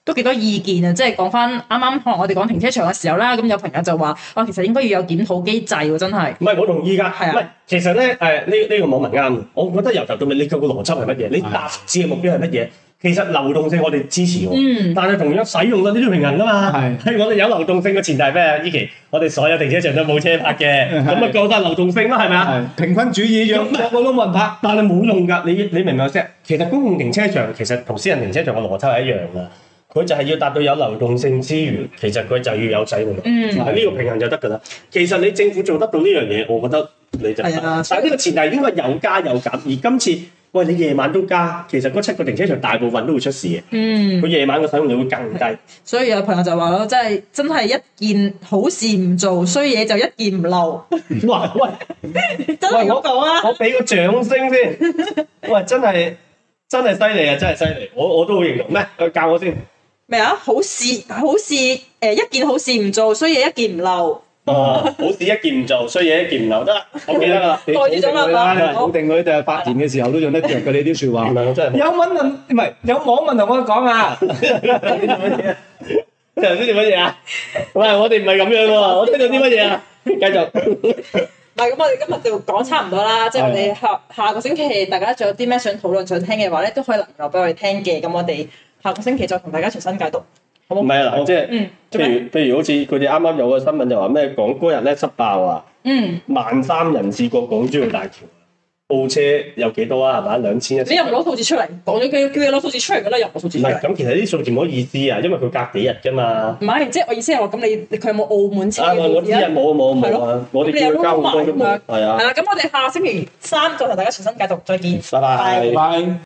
都幾多意見啊！即係講翻啱啱我哋講停車場嘅時候啦，咁有朋友就話：，哇、哦，其實應該要有檢討機制喎！真係唔係，我同意㗎？係啊的。其實呢誒，呢、呃、呢、這個這個網民啱我覺得由頭到尾，你個邏輯係乜嘢？的你達至嘅目標係乜嘢？其實流動性我哋支持喎，嗯。但係同樣使用咗呢啲平衡㗎嘛，係的，喺我哋有流動性嘅前提係咩？以期我哋所有停車場都冇車泊嘅，咁啊的，覺得流動性咯，係咪啊？平均主義一樣，個個都冇人泊，但係冇用噶。你你明白嗎，其實公共停車場其實同私人停車場嘅邏輯係一樣的佢就係要達到有流動性資源，其實佢就要有使用量，喺呢、嗯啊呢個平衡就得噶啦。其實你政府做得到呢樣嘢，我覺得你就係啊，的但呢個前提應該有加有減。而今次喂，你夜晚都加，其實嗰七個停車場大部分都會出事嘅。嗯，佢夜晚嘅使用量會更低。所以有朋友就話咯，真係真係一件好事唔做，衰嘢就一件唔漏。哇喂，喂，我講啊，我俾個掌聲先。喂，真係真係犀利啊！真係犀利，我我都好認同。咩？佢教我先。咩啊？好事好事誒，一件好事唔做，衰嘢一件唔漏。好事一件唔做，衰嘢一件唔漏，得啦，我記得啦。穩定佢，穩定佢，就係發展嘅時候都用得掂著嘅呢啲說話。有問問，唔係有網民同我講啊？你做乜嘢？你頭先做乜嘢啊？喂，我哋唔係咁樣嘅喎，我聽到啲乜嘢啊？繼續。唔係咁，我哋今日就講差唔多啦。即係我哋下下個星期，大家仲有啲咩想討論、想聽嘅話咧，都可以留落俾我哋聽嘅。咁我哋。下個星期再同大家重新解讀，好唔好？唔係啊，即係譬如譬如好似佢哋啱啱有個新聞就話咩嗰日呢塞爆啊，萬三人次過港珠澳大橋，澳車有幾多啊？係嘛，兩千一。你又唔攞數字出嚟，講咗句叫你攞數字出嚟嘅啦，又唔攞數字。唔係，咁其實啲數字唔好意思啊，因為佢隔幾日㗎嘛。唔係，即係我意思係話，咁你佢有冇澳門車？我知啊，冇冇冇。係我哋會交好多嘛。樣。係啊。係啦，咁我哋下星期三再同大家重新解讀，再見。拜拜。拜。